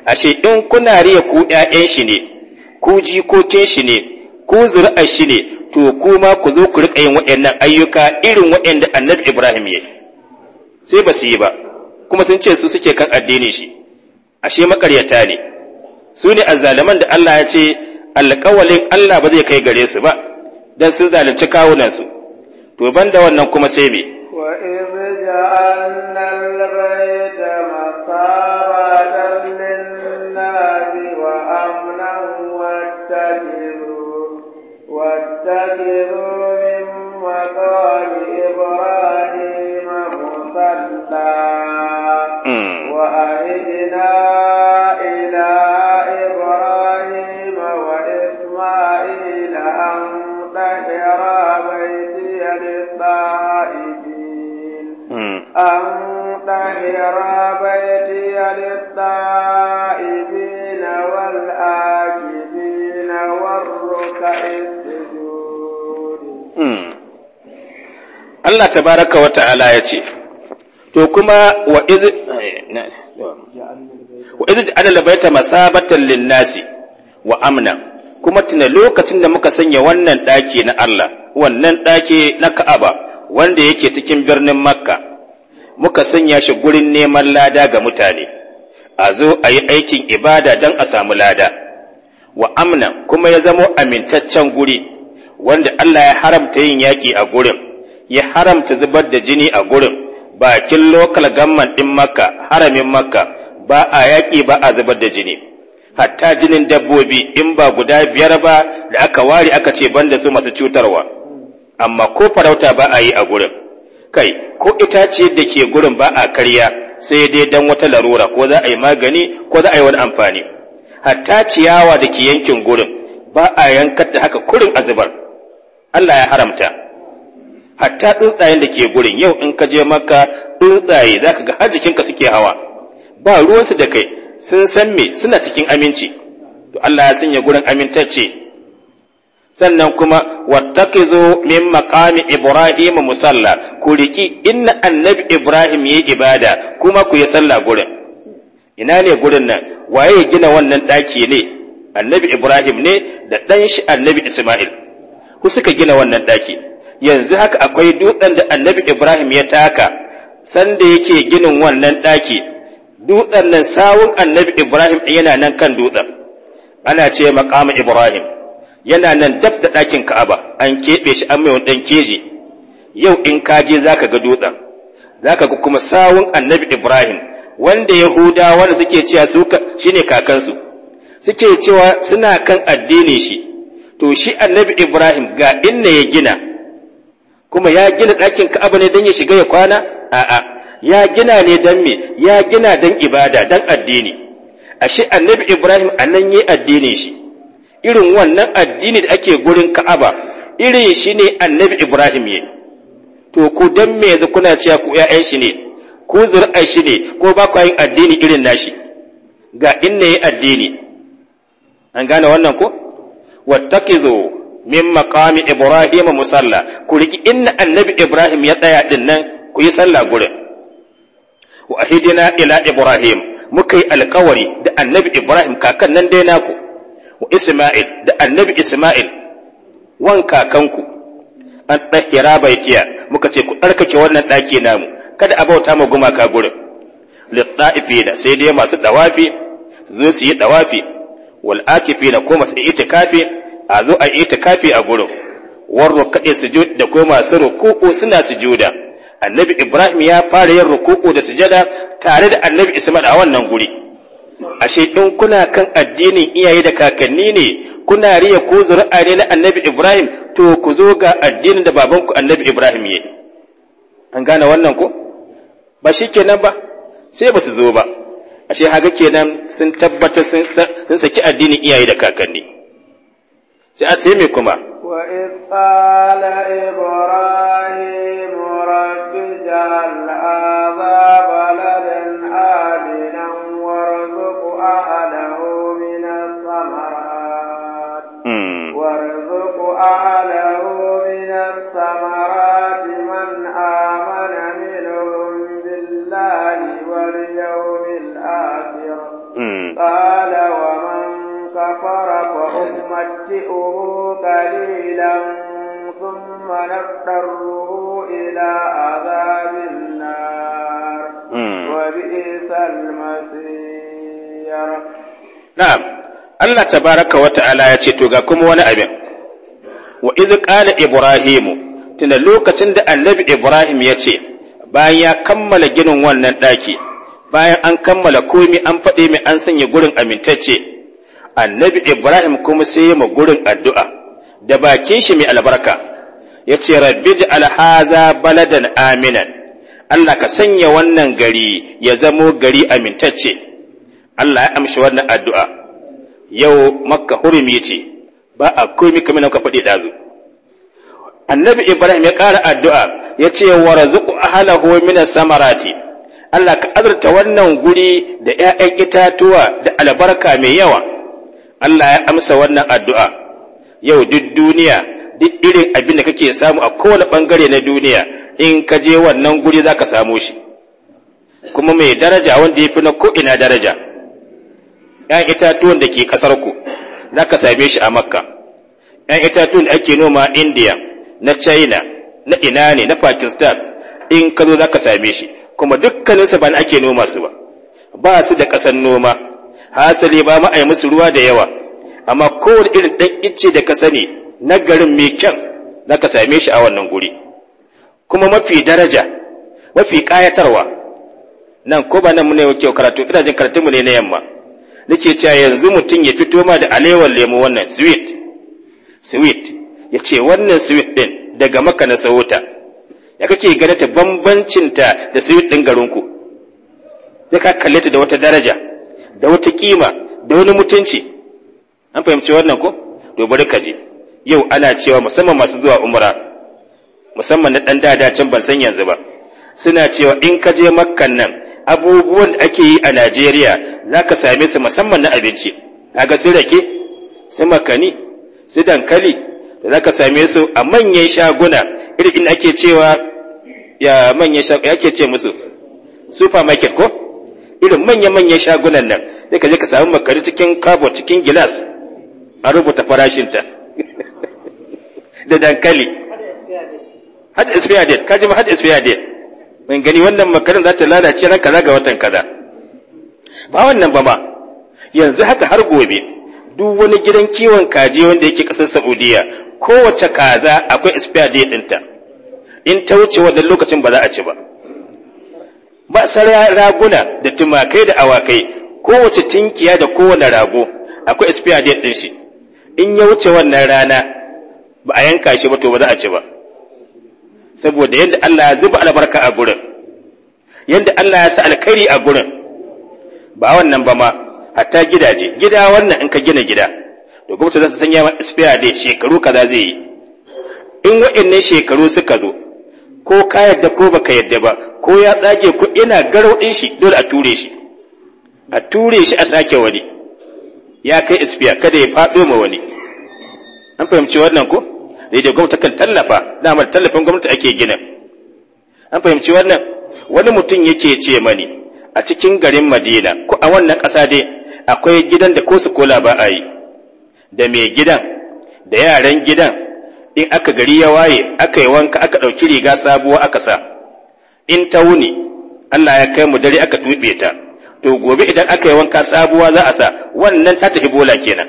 ashe in kuna riya ku ƴaƴan shi ne ku jikokin shi ne ko zuri'ar shi ne to kuma ku zo ku riƙa yin waɗannan ayyuka irin waɗanda annabi Ibrahim ya yi. sai ba su yi ba kuma sun ce su suke kan addinin shi ashe makaryata ne su ne azzaliman da Allah ya ce alƙawalin Allah ba zai kai gare su ba dan sun zalunci su. to banda wannan kuma sai me اتخذوا من إبراهيم مصلى وأعدنا إلى إبراهيم وإسماعيل أن طهر بيتي للطائفين أن طهر بيتي للطائفين والآكلين والركع Allah tabaraka wa ta'ala ya ce to kuma wa iz wa iz ta baita masabatan linnasi wa amna kuma tuna lokacin da muka sanya wannan ɗaki na Allah wannan ɗaki na Ka'aba wanda yake cikin birnin Makka muka sanya shi gurin neman lada ga mutane a zo a yi aikin ibada don a samu lada wa amna kuma ya zamo amintaccen guri wanda Allah ya haramta yin yaƙi a gurin ya haramta zubar da jini a gurin bakin lokal gamman ɗin makka haramin makka ba a yaƙi ba a zubar da jini hatta jinin dabbobi in ba guda biyar ba da aka ware aka ce banda su masu cutarwa amma ko farauta ba a yi a gurin kai ko itace da ke gurin ba a karya sai dai dan wata larura ko za a yi magani ko za a yi wani amfani hatta ciyawa da ke yankin gurin ba a yankar da haka kurin azubar Allah ya haramta hatta tsuntsayen da ke gurin yau in ka je maka tsuntsaye za ka ga har jikinka suke hawa ba ruwansu da kai sun san me suna cikin aminci to Allah ya sanya gurin amintacce sannan kuma zo min maqami ibrahim musalla ku riki inna annabi ibrahim yi ibada kuma ku yi sallah gurin ina ne gurin nan waye gina wannan daki ne annabi ibrahim ne da dan shi annabi isma'il ku suka gina wannan daki yanzu haka akwai dutsen da annabi Ibrahim ya taka sanda yake ginin wannan ɗaki dutsen nan sawun annabi Ibrahim yana nan kan dutsen ana ce maqam Ibrahim yana nan dab da ɗakin Ka'aba an keɓe shi an mai wani ɗan keji yau in ka je zaka ga dutsen zaka ga kuma sawun annabi Ibrahim wanda Yahudawa wanda suke cewa su shine kakansu suke cewa suna kan addinin shi to shi annabi Ibrahim ga inna ya gina kuma ya gina ɗakin ka'aba ne don ya shiga ya kwana a'a ya gina ne don me ya gina don ibada don addini ashe annabi ibrahim a nan yi addinin shi irin wannan addini da ake gurin ka'aba irin shi ne annabi ibrahim ya to ku don me yanzu kuna cewa ku 'ya'yan shi ne ku zuri'ar shi ne ko ba ku yin addini irin nashi ga inna yi addini an gane wannan ko wattakizo min maqami ibrahim musalla ku riki inna annabi ibrahim ya tsaya din nan ku yi sallah gurin wa ahidina ila ibrahim muka yi alkawari da annabi ibrahim kakan nan dai naku wa isma'il da annabi isma'il wan kakanku an tsakira baitiya muka ce ku tsarkake wannan ɗaki namu kada a bauta ma gumaka gurin da sai dai masu dawafi su zo su yi dawafi wal akifina ko masu itikafi a zo a yi ta kafi a gurin warro ruku'i sujud da ko masu ruku'u suna sujuda annabi ibrahim ya fara yin ruku'u da sujada tare da annabi isma'il a wannan guri ashe in kuna kan addinin iyaye da kakanni ne kuna riya ko zuri'a ne na annabi ibrahim to ku zo ga addinin da babanku annabi ibrahim ya an gane wannan ko ba shi kenan ba sai ba su zo ba ashe haka kenan sun tabbatar sun saki addinin iyaye da kakanni سأتهمكما وإذ قال إبراهيم رب جعل هذا بلدا آمنا وارزق أهله من الثمرات وارزق أهله من الثمرات من آمن منهم بالله واليوم الآخر قال نمتئه قليلا ثم نضطره إلى عذاب النار وبئس المسير نعم Allah tabaraka wa ta'ala ya ce, To, ga kuma wani abin, wa izi ƙala Ibrahimu, tunda lokacin da annabi Ibrahim ya ce, bayan ya kammala ginin wannan ɗaki, bayan an kammala komi an faɗi mai an sanya gurin amintacce, annabi ibrahim kuma sai ya gurin addu'a da bakin shi mai albarka ya ce rabbi ji alhaza baladan Amina, allah ka sanya wannan gari ya zamo gari amintacce allah ya amshi wannan addu'a yau makka hurumi ce ba a komi kamar nan ka faɗi ɗazu annabi ibrahim ya ƙara addu'a ya ce wa razuku ahalahu min samarati allah ka azurta wannan guri da ‘ya'yan itatuwa da albarka mai yawa Allah ya amsa wannan addu'a yau duk duniya duk irin abin da kake samu a kowane ɓangare na duniya in ka je wannan guri za ka samu shi kuma mai daraja wanda ya fi na ko'ina daraja ‘yan itatuwan da ke ƙasarku za ka same shi a makka ‘yan itatuwan da ake noma a indiya na china na ina ne na pakistan in ka zo za ka same shi kuma dukkaninsu ba ake noma su ba ba su da ƙasar noma hasali ba mu ai musu ruwa da yawa amma kowane irin dan icce da ka sani na garin mai kyan za ka same shi a wannan guri kuma mafi daraja mafi ƙayatarwa nan ko ba nan mu ne kyau karatu ina jin karatu mu ne na yamma nake cewa yanzu mutum ya fito ma da alewar lemu wannan sweet sweet ya ce wannan sweet ɗin daga maka na sauta ya kake ganata bambancinta da sweet ɗin garinku ya ka kalle ta da wata daraja da wata kima da wani mutunci an fahimci wannan ko to bari ka je yau ana cewa musamman masu zuwa umra musamman na dan dada can ban san yanzu ba suna cewa in ka je makkan nan abubuwan da ake yi a Najeriya zaka same su musamman na abinci kaga su rake su makani su dankali da zaka same su a manyan shaguna irin ake cewa ya manyan shaguna ake ce musu supermarket ko irin manya-manyan shagunan nan sai ka je ka samu makari cikin kabo cikin gilas a rubuta farashinta [LAUGHS] da dankali had expire date ka ji ma had expire date mun gani wannan makarin za ta lalace ran kaza ga watan kaza ba wannan ba ma yanzu haka har gobe duk wani gidan kiwon kaji wanda yake kasar Saudiya kowace kaza akwai expire date ɗinta in ta wuce wannan lokacin ba za a ci ba masara raguna da tumakai da awakai kowace tinkiya da kowane rago akwai spear date din shi in ya wuce wannan rana ba a yanka shi ba to ba za a ci ba saboda yadda Allah ya zuba albarka a gurin yadda Allah ya sa alkhairi a gurin ba wannan ba ma hatta gidaje gida wannan in ka gina gida to gwamnati za ta sanya ma spear date shekaru kaza zai yi in waɗannan shekaru suka zo ko ka yadda ko baka yadda ba ko ya tsage ko ina garau ɗin shi dole a ture shi a ture shi a sake wani ya kai isfiya kada ya faɗo ma wani an fahimci wannan ko zai da gwamnati kan tallafa damar tallafin gwamnati ake gina an fahimci wannan wani mutum yake ce mani a cikin garin madina ko a wannan ƙasa dai akwai gidan da ko su kola ba a yi da mai gidan da yaran gidan in aka gari ya waye aka yi wanka aka ɗauki riga sabuwa aka sa in ta wuni Allah ya kai mu dare aka tuɓe ta to gobe idan aka yi wanka sabuwa za a sa wannan ta tafi bola kenan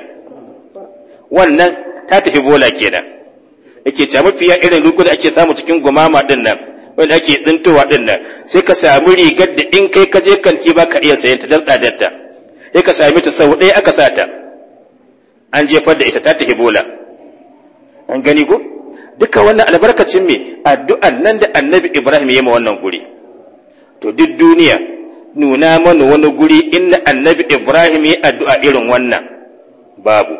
wannan ta tafi bola kenan yake mafi ya irin ruku da ake samu cikin gumama din nan wanda ake tsintowa din nan sai ka samu rigar da in kai ka je kanti ba ka iya sayanta ta dan tsadar sai ka sami ta sau ɗaya aka sa an jefar da ita ta tafi bola an gani ko duka wannan albarkacin me addu'an nan da annabi Ibrahim ya ma wannan guri to duk duniya nuna mana wani guri inda annabi Ibrahim ya addu'a irin wannan babu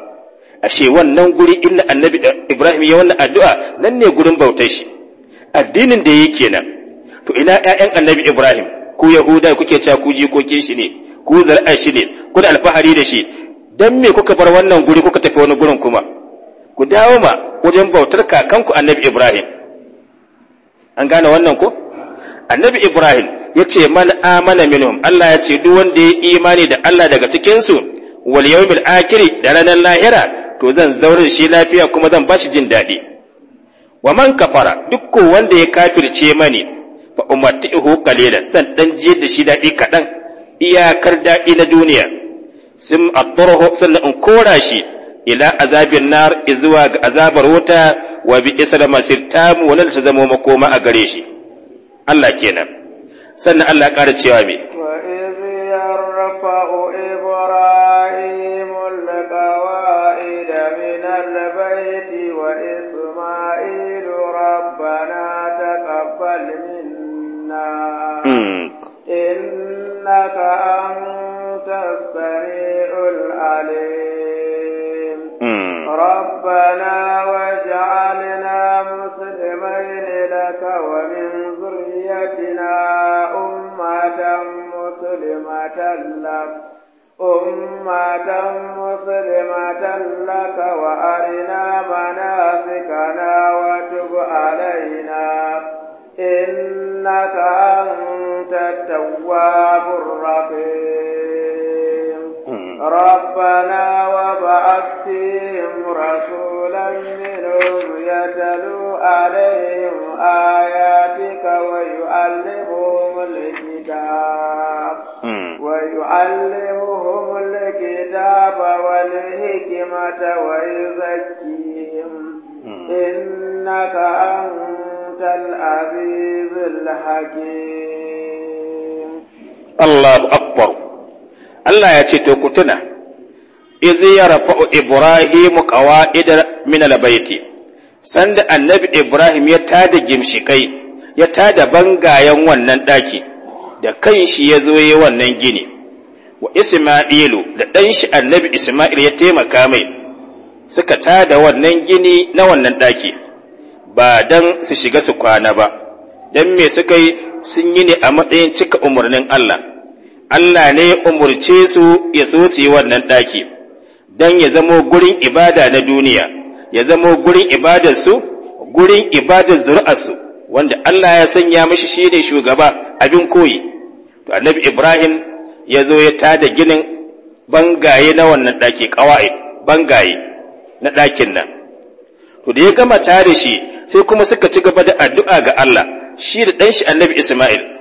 ashe wannan guri inda annabi Ibrahim ya wannan addu'a nan ne gurin bautar shi addinin da yake nan to ina ƴaƴan annabi Ibrahim ku Yahuda kuke cewa ku jikokin shi ne ku zar'a shi ne ku da alfahari da shi dan me kuka bar wannan guri kuka tafi wani gurin kuma ku dawo ma wajen bautar kakanku annabi Ibrahim an gane wannan ko annabi ibrahim ya ce man amana minhum allah ya ce duk wanda ya imani da allah daga cikinsu wal yawmil akhir da ranar lahira to zan zaure shi lafiya kuma zan bashi jin daɗi wa man kafara duk ko wanda ya kafirce mani fa umattihu qalilan zan dan je da shi daɗi kaɗan iyakar daɗi na duniya sun addarahu sannan in kora shi ila azabin nar zuwa ga azabar wuta wa bi isal masir tamu da ta zama makoma a gare shi Allah kenan sannan Allah ya ƙara cewa me إنك أنت أمة مسلمة لك أمة مسلمة لك وأرنا مناسكنا وتب علينا إنك أنت التواب الرحيم ربنا وابعث فيهم رسولا منهم يتلو عليهم آياتك ويعلمهم الكتاب ويعلمهم الكتاب والحكمة ويزكيهم إنك أنت العزيز الحكيم الله أكبر Allah ya ce to ku tuna iz yarfa'u ibrahim qawa'id min albayti sanda annabi ibrahim ya tada gimshikai ya tada bangayen wannan daki da kan shi ya zo yi wannan gini wa isma'ilu da dan shi annabi isma'il ya taimaka mai suka tada wannan gini na wannan daki ba dan su shiga su kwana ba dan me suka yi sun yi ne a matsayin cika umarnin Allah Allah ne ya umurce su ya so su yi wannan ɗaki don ya zamo gurin ibada na duniya ya zamo gurin ibadarsu gurin ibadar zuri'arsu wanda Allah ya sanya mishi shi ne shugaba abin koyi to annabi Ibrahim ya zo ya tada ginin bangaye na wannan ɗaki ƙawa'i bangaye na ɗakin nan to da ya gama tare shi sai kuma suka ci gaba da addu'a ga Allah shi da shi annabi Ismail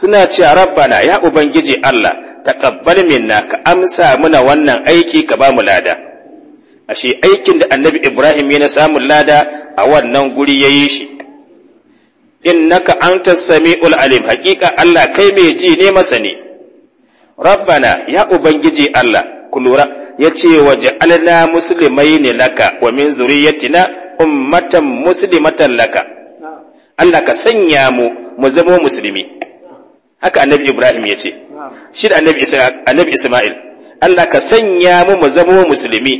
suna ce rabbana ya ubangiji Allah taqabbal minna ka amsa muna wannan aiki ka ba mu lada ashe aikin da annabi Ibrahim ya samu lada a wannan guri yayi shi innaka antas samiul alim haqiqa Allah kai mai ji ne masani rabbana ya ubangiji Allah kulura lura yace waj'alna muslimai ne laka wa min zuriyyatina ummatan muslimatan laka Allah ka sanya mu mu zama musulmi haka annabi ibrahim ya ce shi da annabi isma'il allah ka sanya mu mu zama musulmi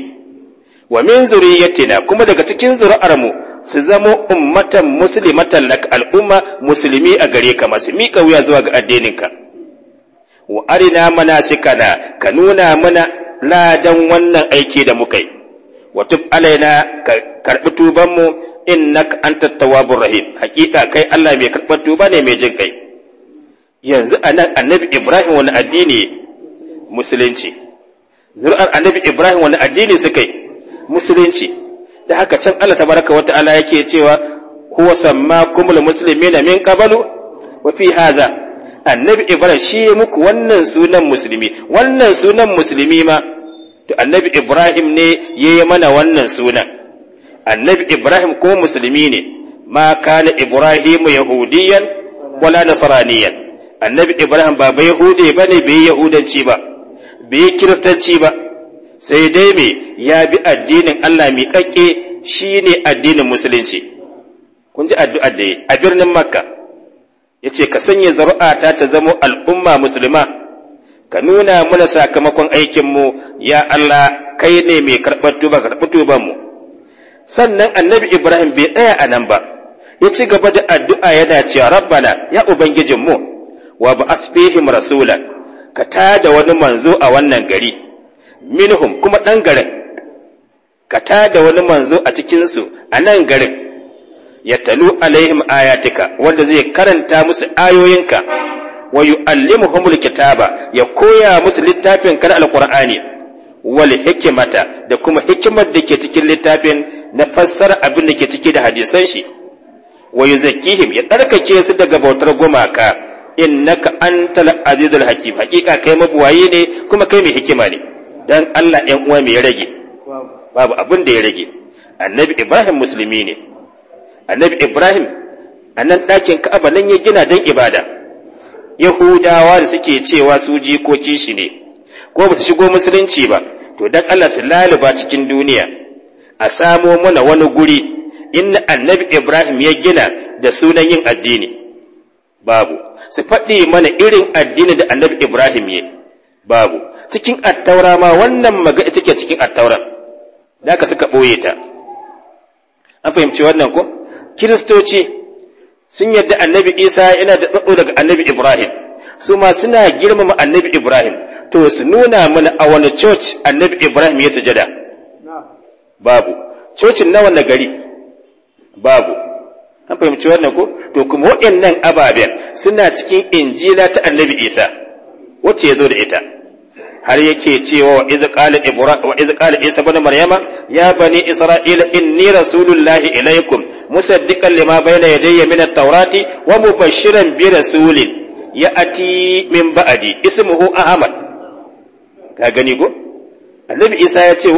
wa min zuriyatina kuma daga cikin zuri'armu su zama ummatan muslimatan lak al'umma musulmi a gare ka masu miƙa wuya zuwa ga addininka wa arina manasikana ka nuna mana ladan wannan aiki da muka yi wa tub alaina ka karɓi tubanmu innaka antat tawwabur rahim hakika kai Allah mai karɓar tuba ne mai jin kai yanzu anan annabi Ibrahim wani addini musulunci zuri'ar annabi Ibrahim wani addini suka yi musulunci da haka can Allah ta baraka wata ala yake cewa huwa musulmi na min qablu Wafi haza annabi Ibrahim shi muku wannan sunan musulmi wannan sunan musulmi ma to annabi Ibrahim ne yayi mana wannan sunan annabi Ibrahim ko musulmi ne ma kana Ibrahim yahudiyan wala nasraniyan annabi ibrahim ba bai hude ba ne bai yahudanci ba bai kiristanci ba sai dai me ya bi addinin allah miƙaƙƙe shi ne addinin musulunci kun ji addu'ar da a birnin makka ya ce ka sanya zaru'ata ta zamo al'umma musulma ka nuna mana sakamakon aikinmu ya allah kai ne mai karɓar tuba tuba mu. sannan annabi ibrahim bai tsaya a nan ba ya ci gaba da addu'a yana cewa rabbana ya ubangijinmu wa ba asfihim rasulan ka da wani manzo a wannan gari minhum kuma ɗan garin ka tada wani manzo a cikinsu a nan garin ya talu alaihim ayatika wanda zai karanta musu ayoyinka wa yu'allimuhumul kitaba ya koya musu littafin kan alqur'ani wal hikmata da kuma hikimar da ke cikin littafin na fassara abin da ke ciki da hadisan shi wa yuzakkihim ya tsarkake su daga bautar gumaka innaka antal azizul hakim hakika kai mabuwaye ne kuma kai mai hikima ne dan Allah ɗan uwa mai rage babu abin da ya rage annabi ibrahim musulmi ne annabi ibrahim a nan ɗakin ka'aba nan ya gina dan ibada yahudawa da suke cewa su jikoki shi ne ko ba su shigo musulunci ba to dan Allah su laluba cikin duniya a samo mana wani guri inna annabi ibrahim ya gina da sunan yin addini babu su faɗi mana irin addini da annabi Ibrahim ya babu cikin attaura ma wannan magana take cikin attaura da ka suka ɓoye ta an fahimci wannan ko kiristoci sun yadda annabi isa yana da tsatso daga annabi ibrahim su ma suna girmama annabi ibrahim to su nuna mana a wani church annabi ibrahim ya sujada babu cocin na wani gari babu an fahimci wannan ko to kuma waɗannan ababen suna cikin injila ta annabi isa wacce ya zo da ita har yake cewa wa iza qala ibra wa iza qala isa bani maryama ya bani isra'ila inni rasulullahi ilaykum musaddiqan lima bayna yadayya min at-taurati wa mubashiran bi rasulin ya'ti min ba'di ismuhu ahmad ka gani ko annabi isa ya ce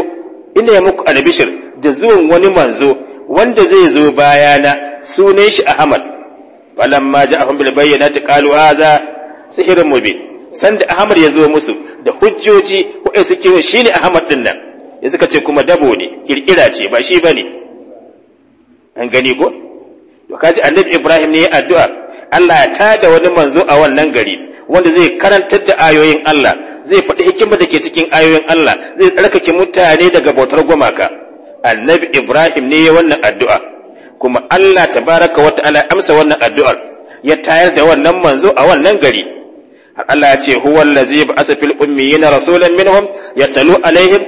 inna ya muku albishir da zuwan wani manzo wanda zai zo bayana sunan shi Ahmad falamma ja'ahum bil bayyinati qalu hadha sihrun mubin sanda Ahmad ya zo musu da hujjoji ko ai suke shine Ahmad din nan ya suka ce kuma dabo ne kirkira ce ba shi bane an gani ko to kaji annabi Ibrahim ne ya addu'a Allah ya tada wani manzo a wannan gari wanda zai karantar da ayoyin Allah zai faɗi hikimar da ke cikin ayoyin Allah zai tsarkake mutane daga bautar gumaka annabi ibrahim ne ya wannan addu'a kuma allah ta baraka wa ta'ala amsa wannan addu'ar ya tayar da wannan manzo a wannan gari har allah ya ce huwa allazi ba'asa fil ummiyina rasulan minhum yatlu alaihim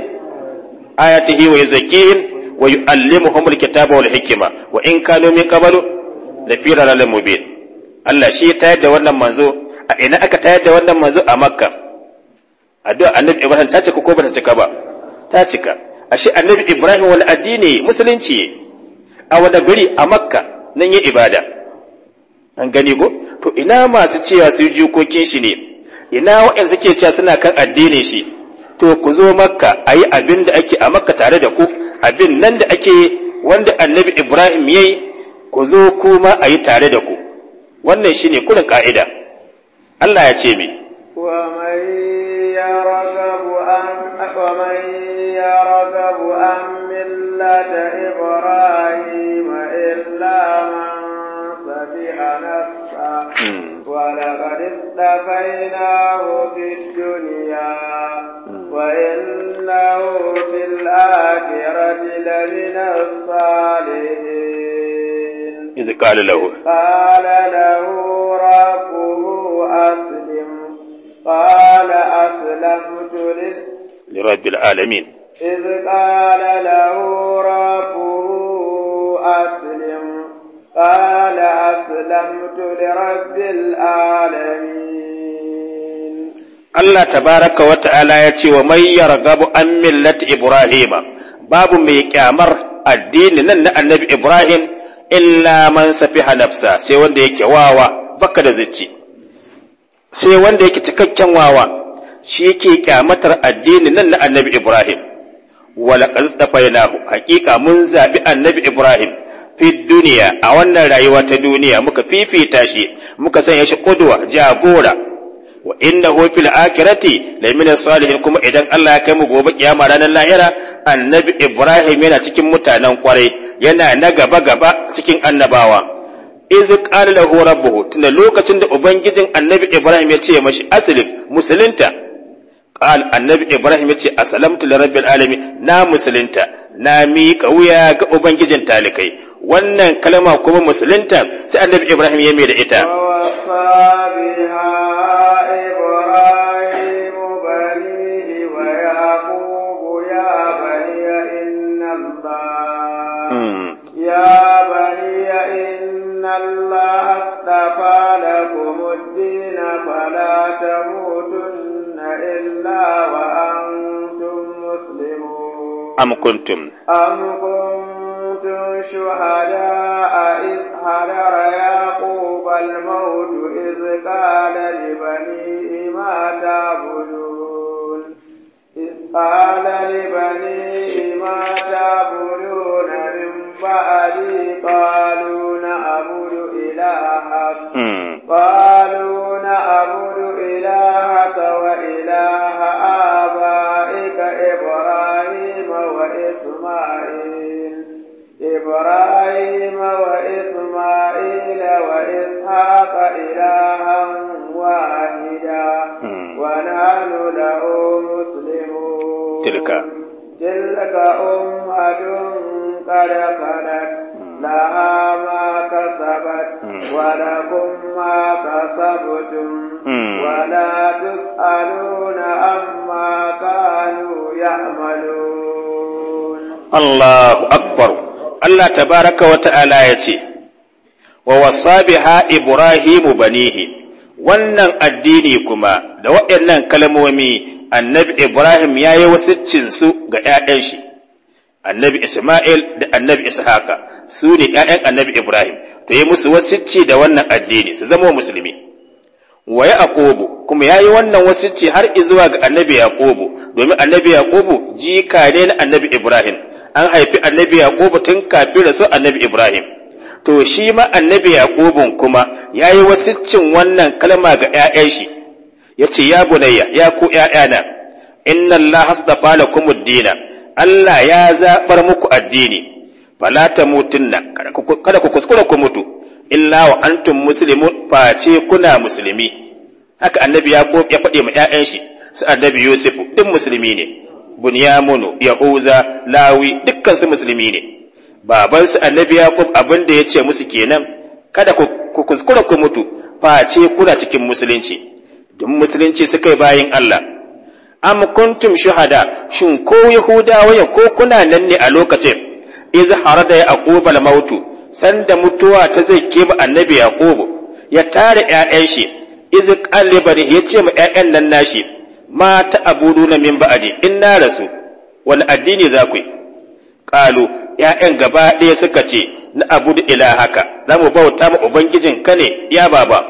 ayatihi wa yuzakkihim wa yu'allimuhum alkitaba wal hikma wa in kanu min qablu lafi dalalin mubin allah shi ya tayar da wannan manzo a ina aka tayar da wannan manzo a makka addu'a annabi ibrahim ta cika ko ba ta cika ba ta cika ashe annabi ibrahim wani addini musulunci a wani gari a makka nan yi ibada an gani ko to ina masu cewa su jikokin shi ne ina waɗanda suke cewa suna kan addinin shi to ku zo makka a yi abin da ake a makka tare da ku abin nan da ake wanda annabi ibrahim ya yi ku zo kuma a yi tare da ku wannan shi ne kurin ƙa'ida allah ya ce mi ومن يرغب an ومن يرغب عن ملة إبراهيم إلا من سفه نفسه ولقد اصطفيناه في الدنيا وإنه في الآخرة لمن الصالحين إذ قال له قال له ربه أسلم قال أسلمت لرب العالمين Iska da lauɗa furu asalin, kada asulamtun rabin alamin. Allah Taɓaraka Wata'ala ya ce wa mayar gabu amintan lanti Ibrahim, babu mai ƙyamar addininan na illa mansa fiye hana sai wanda ya wawa baka da zaci, sai wanda ya cikakken wawa, shi ke ƙyamatar addininan na Annabi Ibrahim. walaƙar tsafainahu haƙiƙa mun zaɓi annabi Ibrahim fi duniya a wannan rayuwa ta duniya muka fifita shi muka sanya shi kuduwa, jagora wa inna hu fil akhirati la min salihin kuma idan Allah ya kai mu gobe kiyama ranar lahira annabi Ibrahim yana cikin mutanen kwarai yana na gaba gaba cikin annabawa iz qala lahu rabbuhu tunda lokacin da ubangijin annabi Ibrahim ya ce mashi aslim musulunta qal annabi ibrahim yace aslamtu lirabbil alamin na musulunta na miƙa wuya ga ubangijin talikai wannan kalma kuma musulunta sai annabi ibrahim ya mai da ita يا بني إن الله اصطفى لكم الدين فلا تموتن إلا وأنتم مسلمون أم كنتم أم كنتم شهداء إذ حضر يعقوب الموت إذ قال لبنيه ما تعبدون إذ قال لبنيه قد خلت لها ما كسبت ولكم ما كسبتم ولا تسألون عما كانوا يعملون الله أكبر الله تبارك وتعالى يتي ووصى بها إبراهيم بنيه wannan addini kuma da waɗannan kalmomi annabi Ibrahim ya yi wasu cinsu ga ‘ya'yan shi, annabi Isma'il da annabi Ishaqa su ne ‘ya'yan annabi Ibrahim, to yi musu wasicci da wannan addini su zama musulmi. Wa Yaqubu kuma yayi wannan wasicci har izuwa ga annabi Yaqubu, domin annabi Yaqubu jika ne na annabi Ibrahim, an haifi annabi Yaqubu tun kafin rasu annabi Ibrahim. To shi ma annabi Yaqubun kuma yayi wasiccin wannan kalma ga ‘ya'yan shi, yace Ya bunayya, ya ku ‘ya'yana, inna Allah hastafa lakum dina Allah ya zaɓar muku addini fala nan, kada ku kuskura ku mutu illa wa antum muslimun face kuna musulmi haka annabi ya ya faɗi ma 'yayan shi su annabi Yusuf duk musulmi ne Bunyamunu Yahuza Lawi dukkan su musulmi ne baban su annabi ya abin da ce musu kenan kada ku kuskura ku mutu face kuna cikin musulunci duk musulunci suka yi bayin Allah am kuntum shuhada shin ko yahudawa ya ko kuna nan ne a lokacin iz harada yaqub al mautu sanda mutuwa ta zai keba annabi yaqub ya tare ƴaƴan shi iz ya ce ma ƴaƴan nan nashi Mata ta abuduna min ba'di in na rasu wal addini za ku qalu ƴaƴan gaba ɗaya suka ce na abudu ilahaka za mu bauta ma ka ne ya baba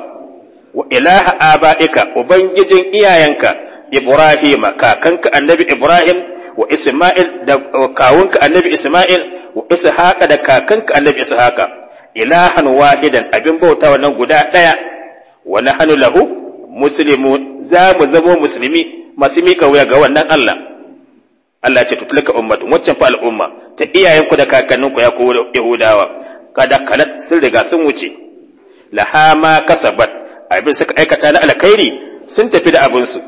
wa ilaha aba'ika ubangijin iyayenka ibrahim kakanka annabi ibrahim wa isma'il da kawunka annabi isma'il wa ishaqa da kakanka annabi ishaqa ilahan wahidan abin bauta wannan guda daya wa nahnu lahu muslimun za mu zama musulmi masu mika wuya ga wannan Allah Allah ce tutlaka ummatu waccan fa al'umma ta iyayenku da kakanninku ya ku yahudawa kada kalat sun riga sun wuce laha ma kasabat abin suka aikata na alkhairi sun tafi da abinsu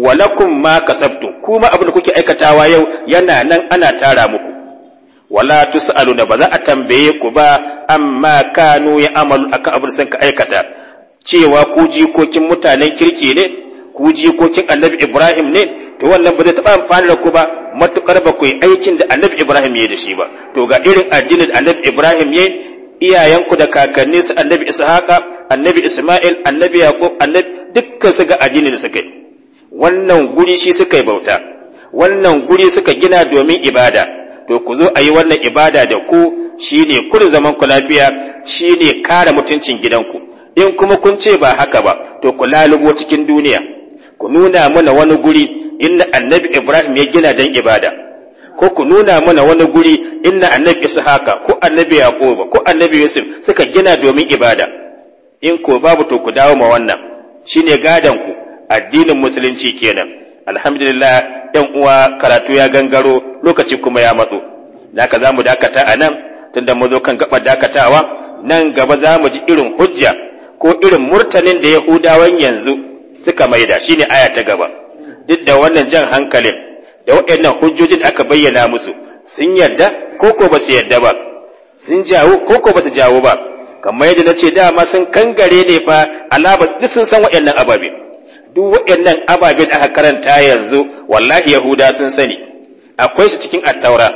walakum ma kasabtum kuma abin da kuke aikatawa yau yana nan ana tara muku wala tusaluna ba za a tambaye ku ba amma kanu ya amalu akan abin sanka aikata cewa ku jikokin mutanen kirki ne ku jikokin annabi ibrahim ne to wannan ba zai taɓa amfani da ku ba matukar ba ku aikin da annabi ibrahim ya da shi ba to ga irin addinin da annabi ibrahim ya iyayenku da kakanninsu annabi ishaqa annabi isma'il annabi yaqub annabi dukkan su ga addinin da suka yi wannan guri shi suka yi bauta wannan guri suka gina domin ibada to ku zo a yi wannan ibada da ku shi ne kurin zaman ku lafiya ne kara mutuncin gidanku in kuma kun ce ba haka ba to ku lalubo cikin duniya ku nuna mana wani guri inda annabi ibrahim ya gina don ibada ko ku nuna mana wani guri inda annabi haka ko annabi yaquba ko annabi yusuf suka gina domin ibada in ko babu to ku dawo ma wannan shine gadan ku addinin musulunci kenan alhamdulillah ɗan uwa karatu ya gangaro lokaci kuma ya matso da haka za dakata a nan tunda mu zo kan gaba dakatawa nan gaba za mu ji irin hujja ko irin murtanin da yahudawan yanzu suka maida shine aya ta gaba duk da wannan jan hankalin da waɗannan hujjojin aka bayyana musu sun yarda ko ko ba su yarda ba sun jawo ko ko ba su jawo ba kamar yadda na ce dama sun kangare ne fa alaba duk sun san waɗannan ababe duk waɗannan ababen aka karanta yanzu wallahi yahuda sun sani akwai su cikin attaura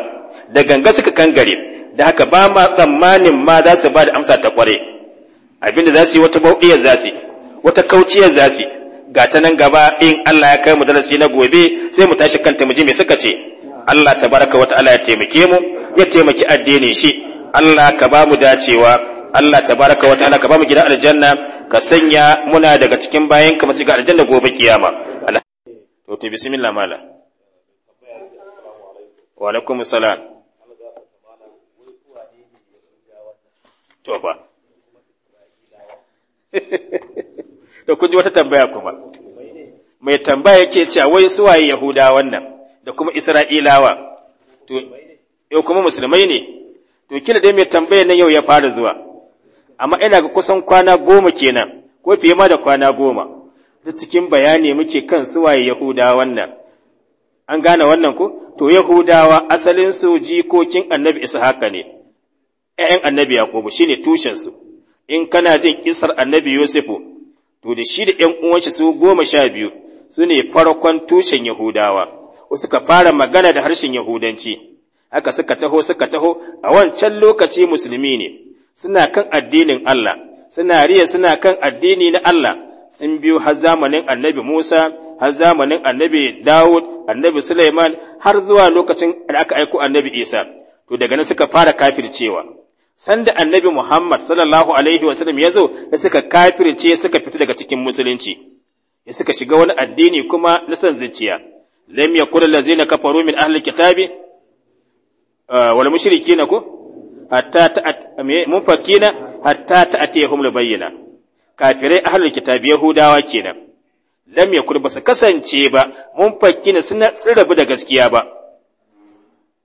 da ganga suka kan gare da haka ba ma tsammanin ma za su ba da amsa ta kware abinda za su yi wata bauɗiyar za su wata kauciyar za su ga ta nan gaba in Allah ya kai mu darasi na gobe sai mu tashi kanta mu ji me suka ce Allah tabaraka wa ta'ala ya taimake mu ya taimaki addinin shi Allah ka ba mu dacewa Allah tabaraka wa ta'ala ka ba mu gidan aljanna ka sanya muna daga cikin bayan ka masu ga aljanna gobe kiyama to to bismillah mala wa alaikum salam to ba [LAUGHS] to kun ji wata tambaya kuma mai tambaya yake cewa wai suwaye yahuda wannan da kuma isra'ilawa to yau kuma musulmai ne to kila dai mai tambaya nan yau ya fara zuwa amma ina ga kusan kwana goma kenan ko fiye ma da kwana goma duk cikin bayani muke kan suwaye yahudawa wannan an gane wannan ko to yahudawa asalin su jikokin annabi ishaqa ne ƴaƴan annabi yakubu shine tushen su in kana jin kisar annabi yusufu to da shi da ƴan uwan su goma sha biyu sune farkon tushen yahudawa suka fara magana da harshen yahudanci haka suka taho suka taho a wancan lokaci musulmi ne suna kan addinin Allah suna riya suna kan addini na Allah sun biyo har zamanin annabi Musa har zamanin annabi Dawud annabi Sulaiman har zuwa lokacin da aka aiko annabi Isa to daga nan suka fara kafircewa sanda annabi Muhammad sallallahu alaihi wasallam ya zo da suka kafirce suka fita daga cikin musulunci ya suka shiga wani addini kuma na san zuciya lam yakul lazina kafaru min ahli kitabi eh, wal mushrikina ko hatta ta munfakina hatta ta atiyahum bayyana. kafirai ahlul kitab yahudawa kenan lam yakul basu kasance ba mun fakina sun rabu da gaskiya ba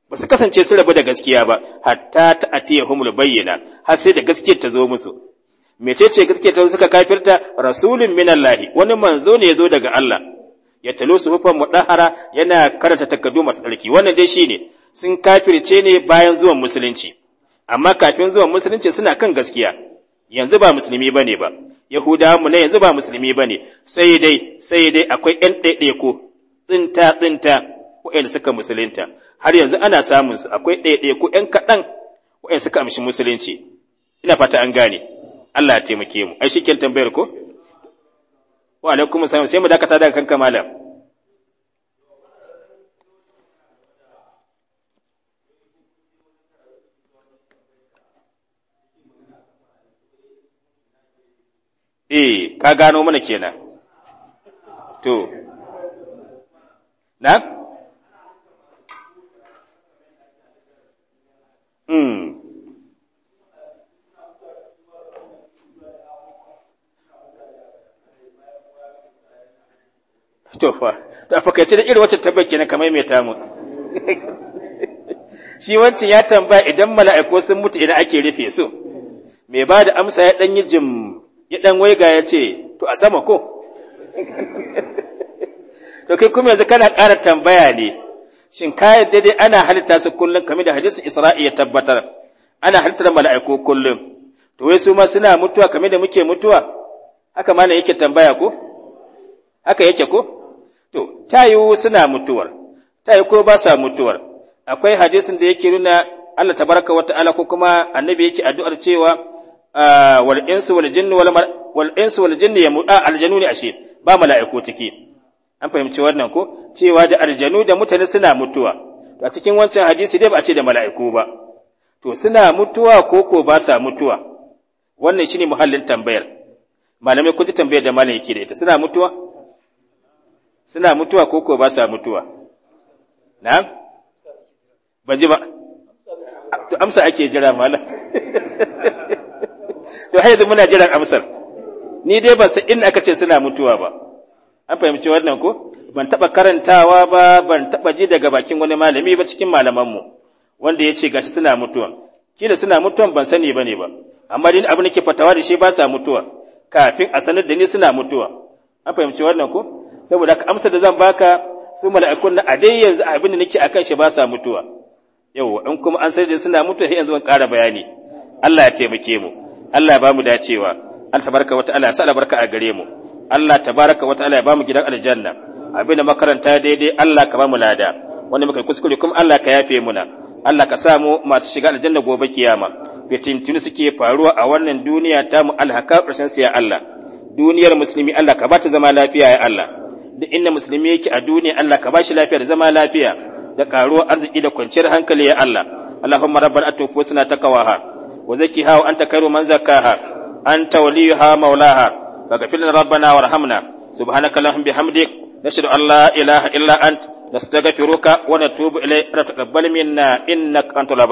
basu kasance sun rabu da gaskiya ba hatta ta atiyahum bayyana har sai da gaskiya ta zo musu mecece gaskiya ta suka kafirta rasulun minallahi wani manzo ne ya zo daga Allah ya talo su hufan mudahara yana karanta takaddu masu tsarki wannan dai shine sun kafirce ne bayan zuwan musulunci amma kafin zuwan musulunci suna kan gaskiya yanzu ba musulmi bane ba yahudawa mu ne yanzu ba musulmi bane sai dai sai dai akwai ɗan ɗaiɗaiko tsinta tsinta waɗanda suka musulunta har yanzu ana samun su akwai ɗaiɗaiko ɗan kaɗan waɗanda suka amshi musulunci ina fata an gane Allah ya taimake mu ai shi tambayar ko wa alaikum assalam sai mu dakata daga kanka malam eh ka gano mana kenan to na Hmm. to fa da fakaice da irin wacce tabbar kenan kamar mai tamu [LAUGHS] shi wancan ya tambaya idan mala'iku sun mutu idan ake rufe su mai ba da amsa ya ɗan yi jim ya ɗan waiga ya ce to a sama ko [LAUGHS] to kai kuma yanzu kana ƙara tambaya ne shin ka yadda dai ana halitta su kullum kamar da hadisin Isra'i ya tabbatar ana halittar mala'iku kullum to wai su ma suna mutuwa kamar da muke mutuwa haka ma yake tambaya ko haka yake ko to tayu suna mutuwar tayu ko ba sa mutuwar akwai hadisin da yake nuna Allah tabaraka wa ta'ala ko kuma annabi yake addu'ar cewa wal insu wal jinni wal wal insu wal jinni ya muda aljanu ne ashe ba mala'iku ciki an fahimci wannan ko cewa da aljanu da mutane suna mutuwa to a cikin wancan hadisi dai ba a ce da mala'iku ba to suna mutuwa ko ko ba sa mutuwa wannan shi ne muhallin tambayar malamai kun ji tambayar da malam yake da ita suna mutuwa suna mutuwa ko ko ba sa mutuwa Na? ban ji ba to amsa ake jira malam to har yanzu muna jiran amsar ni dai ban san in aka ce suna mutuwa ba an fahimci wannan ko ban taba karantawa ba ban taba ji daga bakin wani malami ba cikin malamanmu wanda ya ce gashi suna mutuwa kila suna mutuwa ban sani bane ba amma dai abin nake fatawa da shi ba sa mutuwa kafin a sanar da ni suna mutuwa an fahimci wannan ko saboda ka amsar da zan baka su mala'ikun na a dai yanzu abin da nake akan shi ba sa mutuwa yau in kuma an sanar da suna mutuwa sai yanzu ban ƙara bayani Allah ya taimake mu Allah ya bamu dacewa Allah tabaraka wa ta'ala ya sa albarka a gare mu Allah tabaraka wa ta'ala ya bamu gidan aljanna abinda makaranta daidai Allah ka bamu lada wanda muka kuskure kuma Allah ka yafe muna Allah ka sa mu masu shiga aljanna gobe kiyama tuni suke faruwa a wannan duniya mu alhaka ƙarshen ya Allah duniyar musulmi Allah ka ba ta zama lafiya ya Allah duk inda musulmi yake a duniya Allah ka ba shi lafiya da zama lafiya da karuwa arziki da kwanciyar hankali ya Allah Allahumma rabbana atufu suna takawaha وزكها وأنت خير من زكاها أنت وليها مولاها فاغفر لنا ربنا وارحمنا سبحانك اللهم بحمدك نشهد أن لا إله إلا أنت نستغفرك ونتوب إليك تقبل منا إنك أنت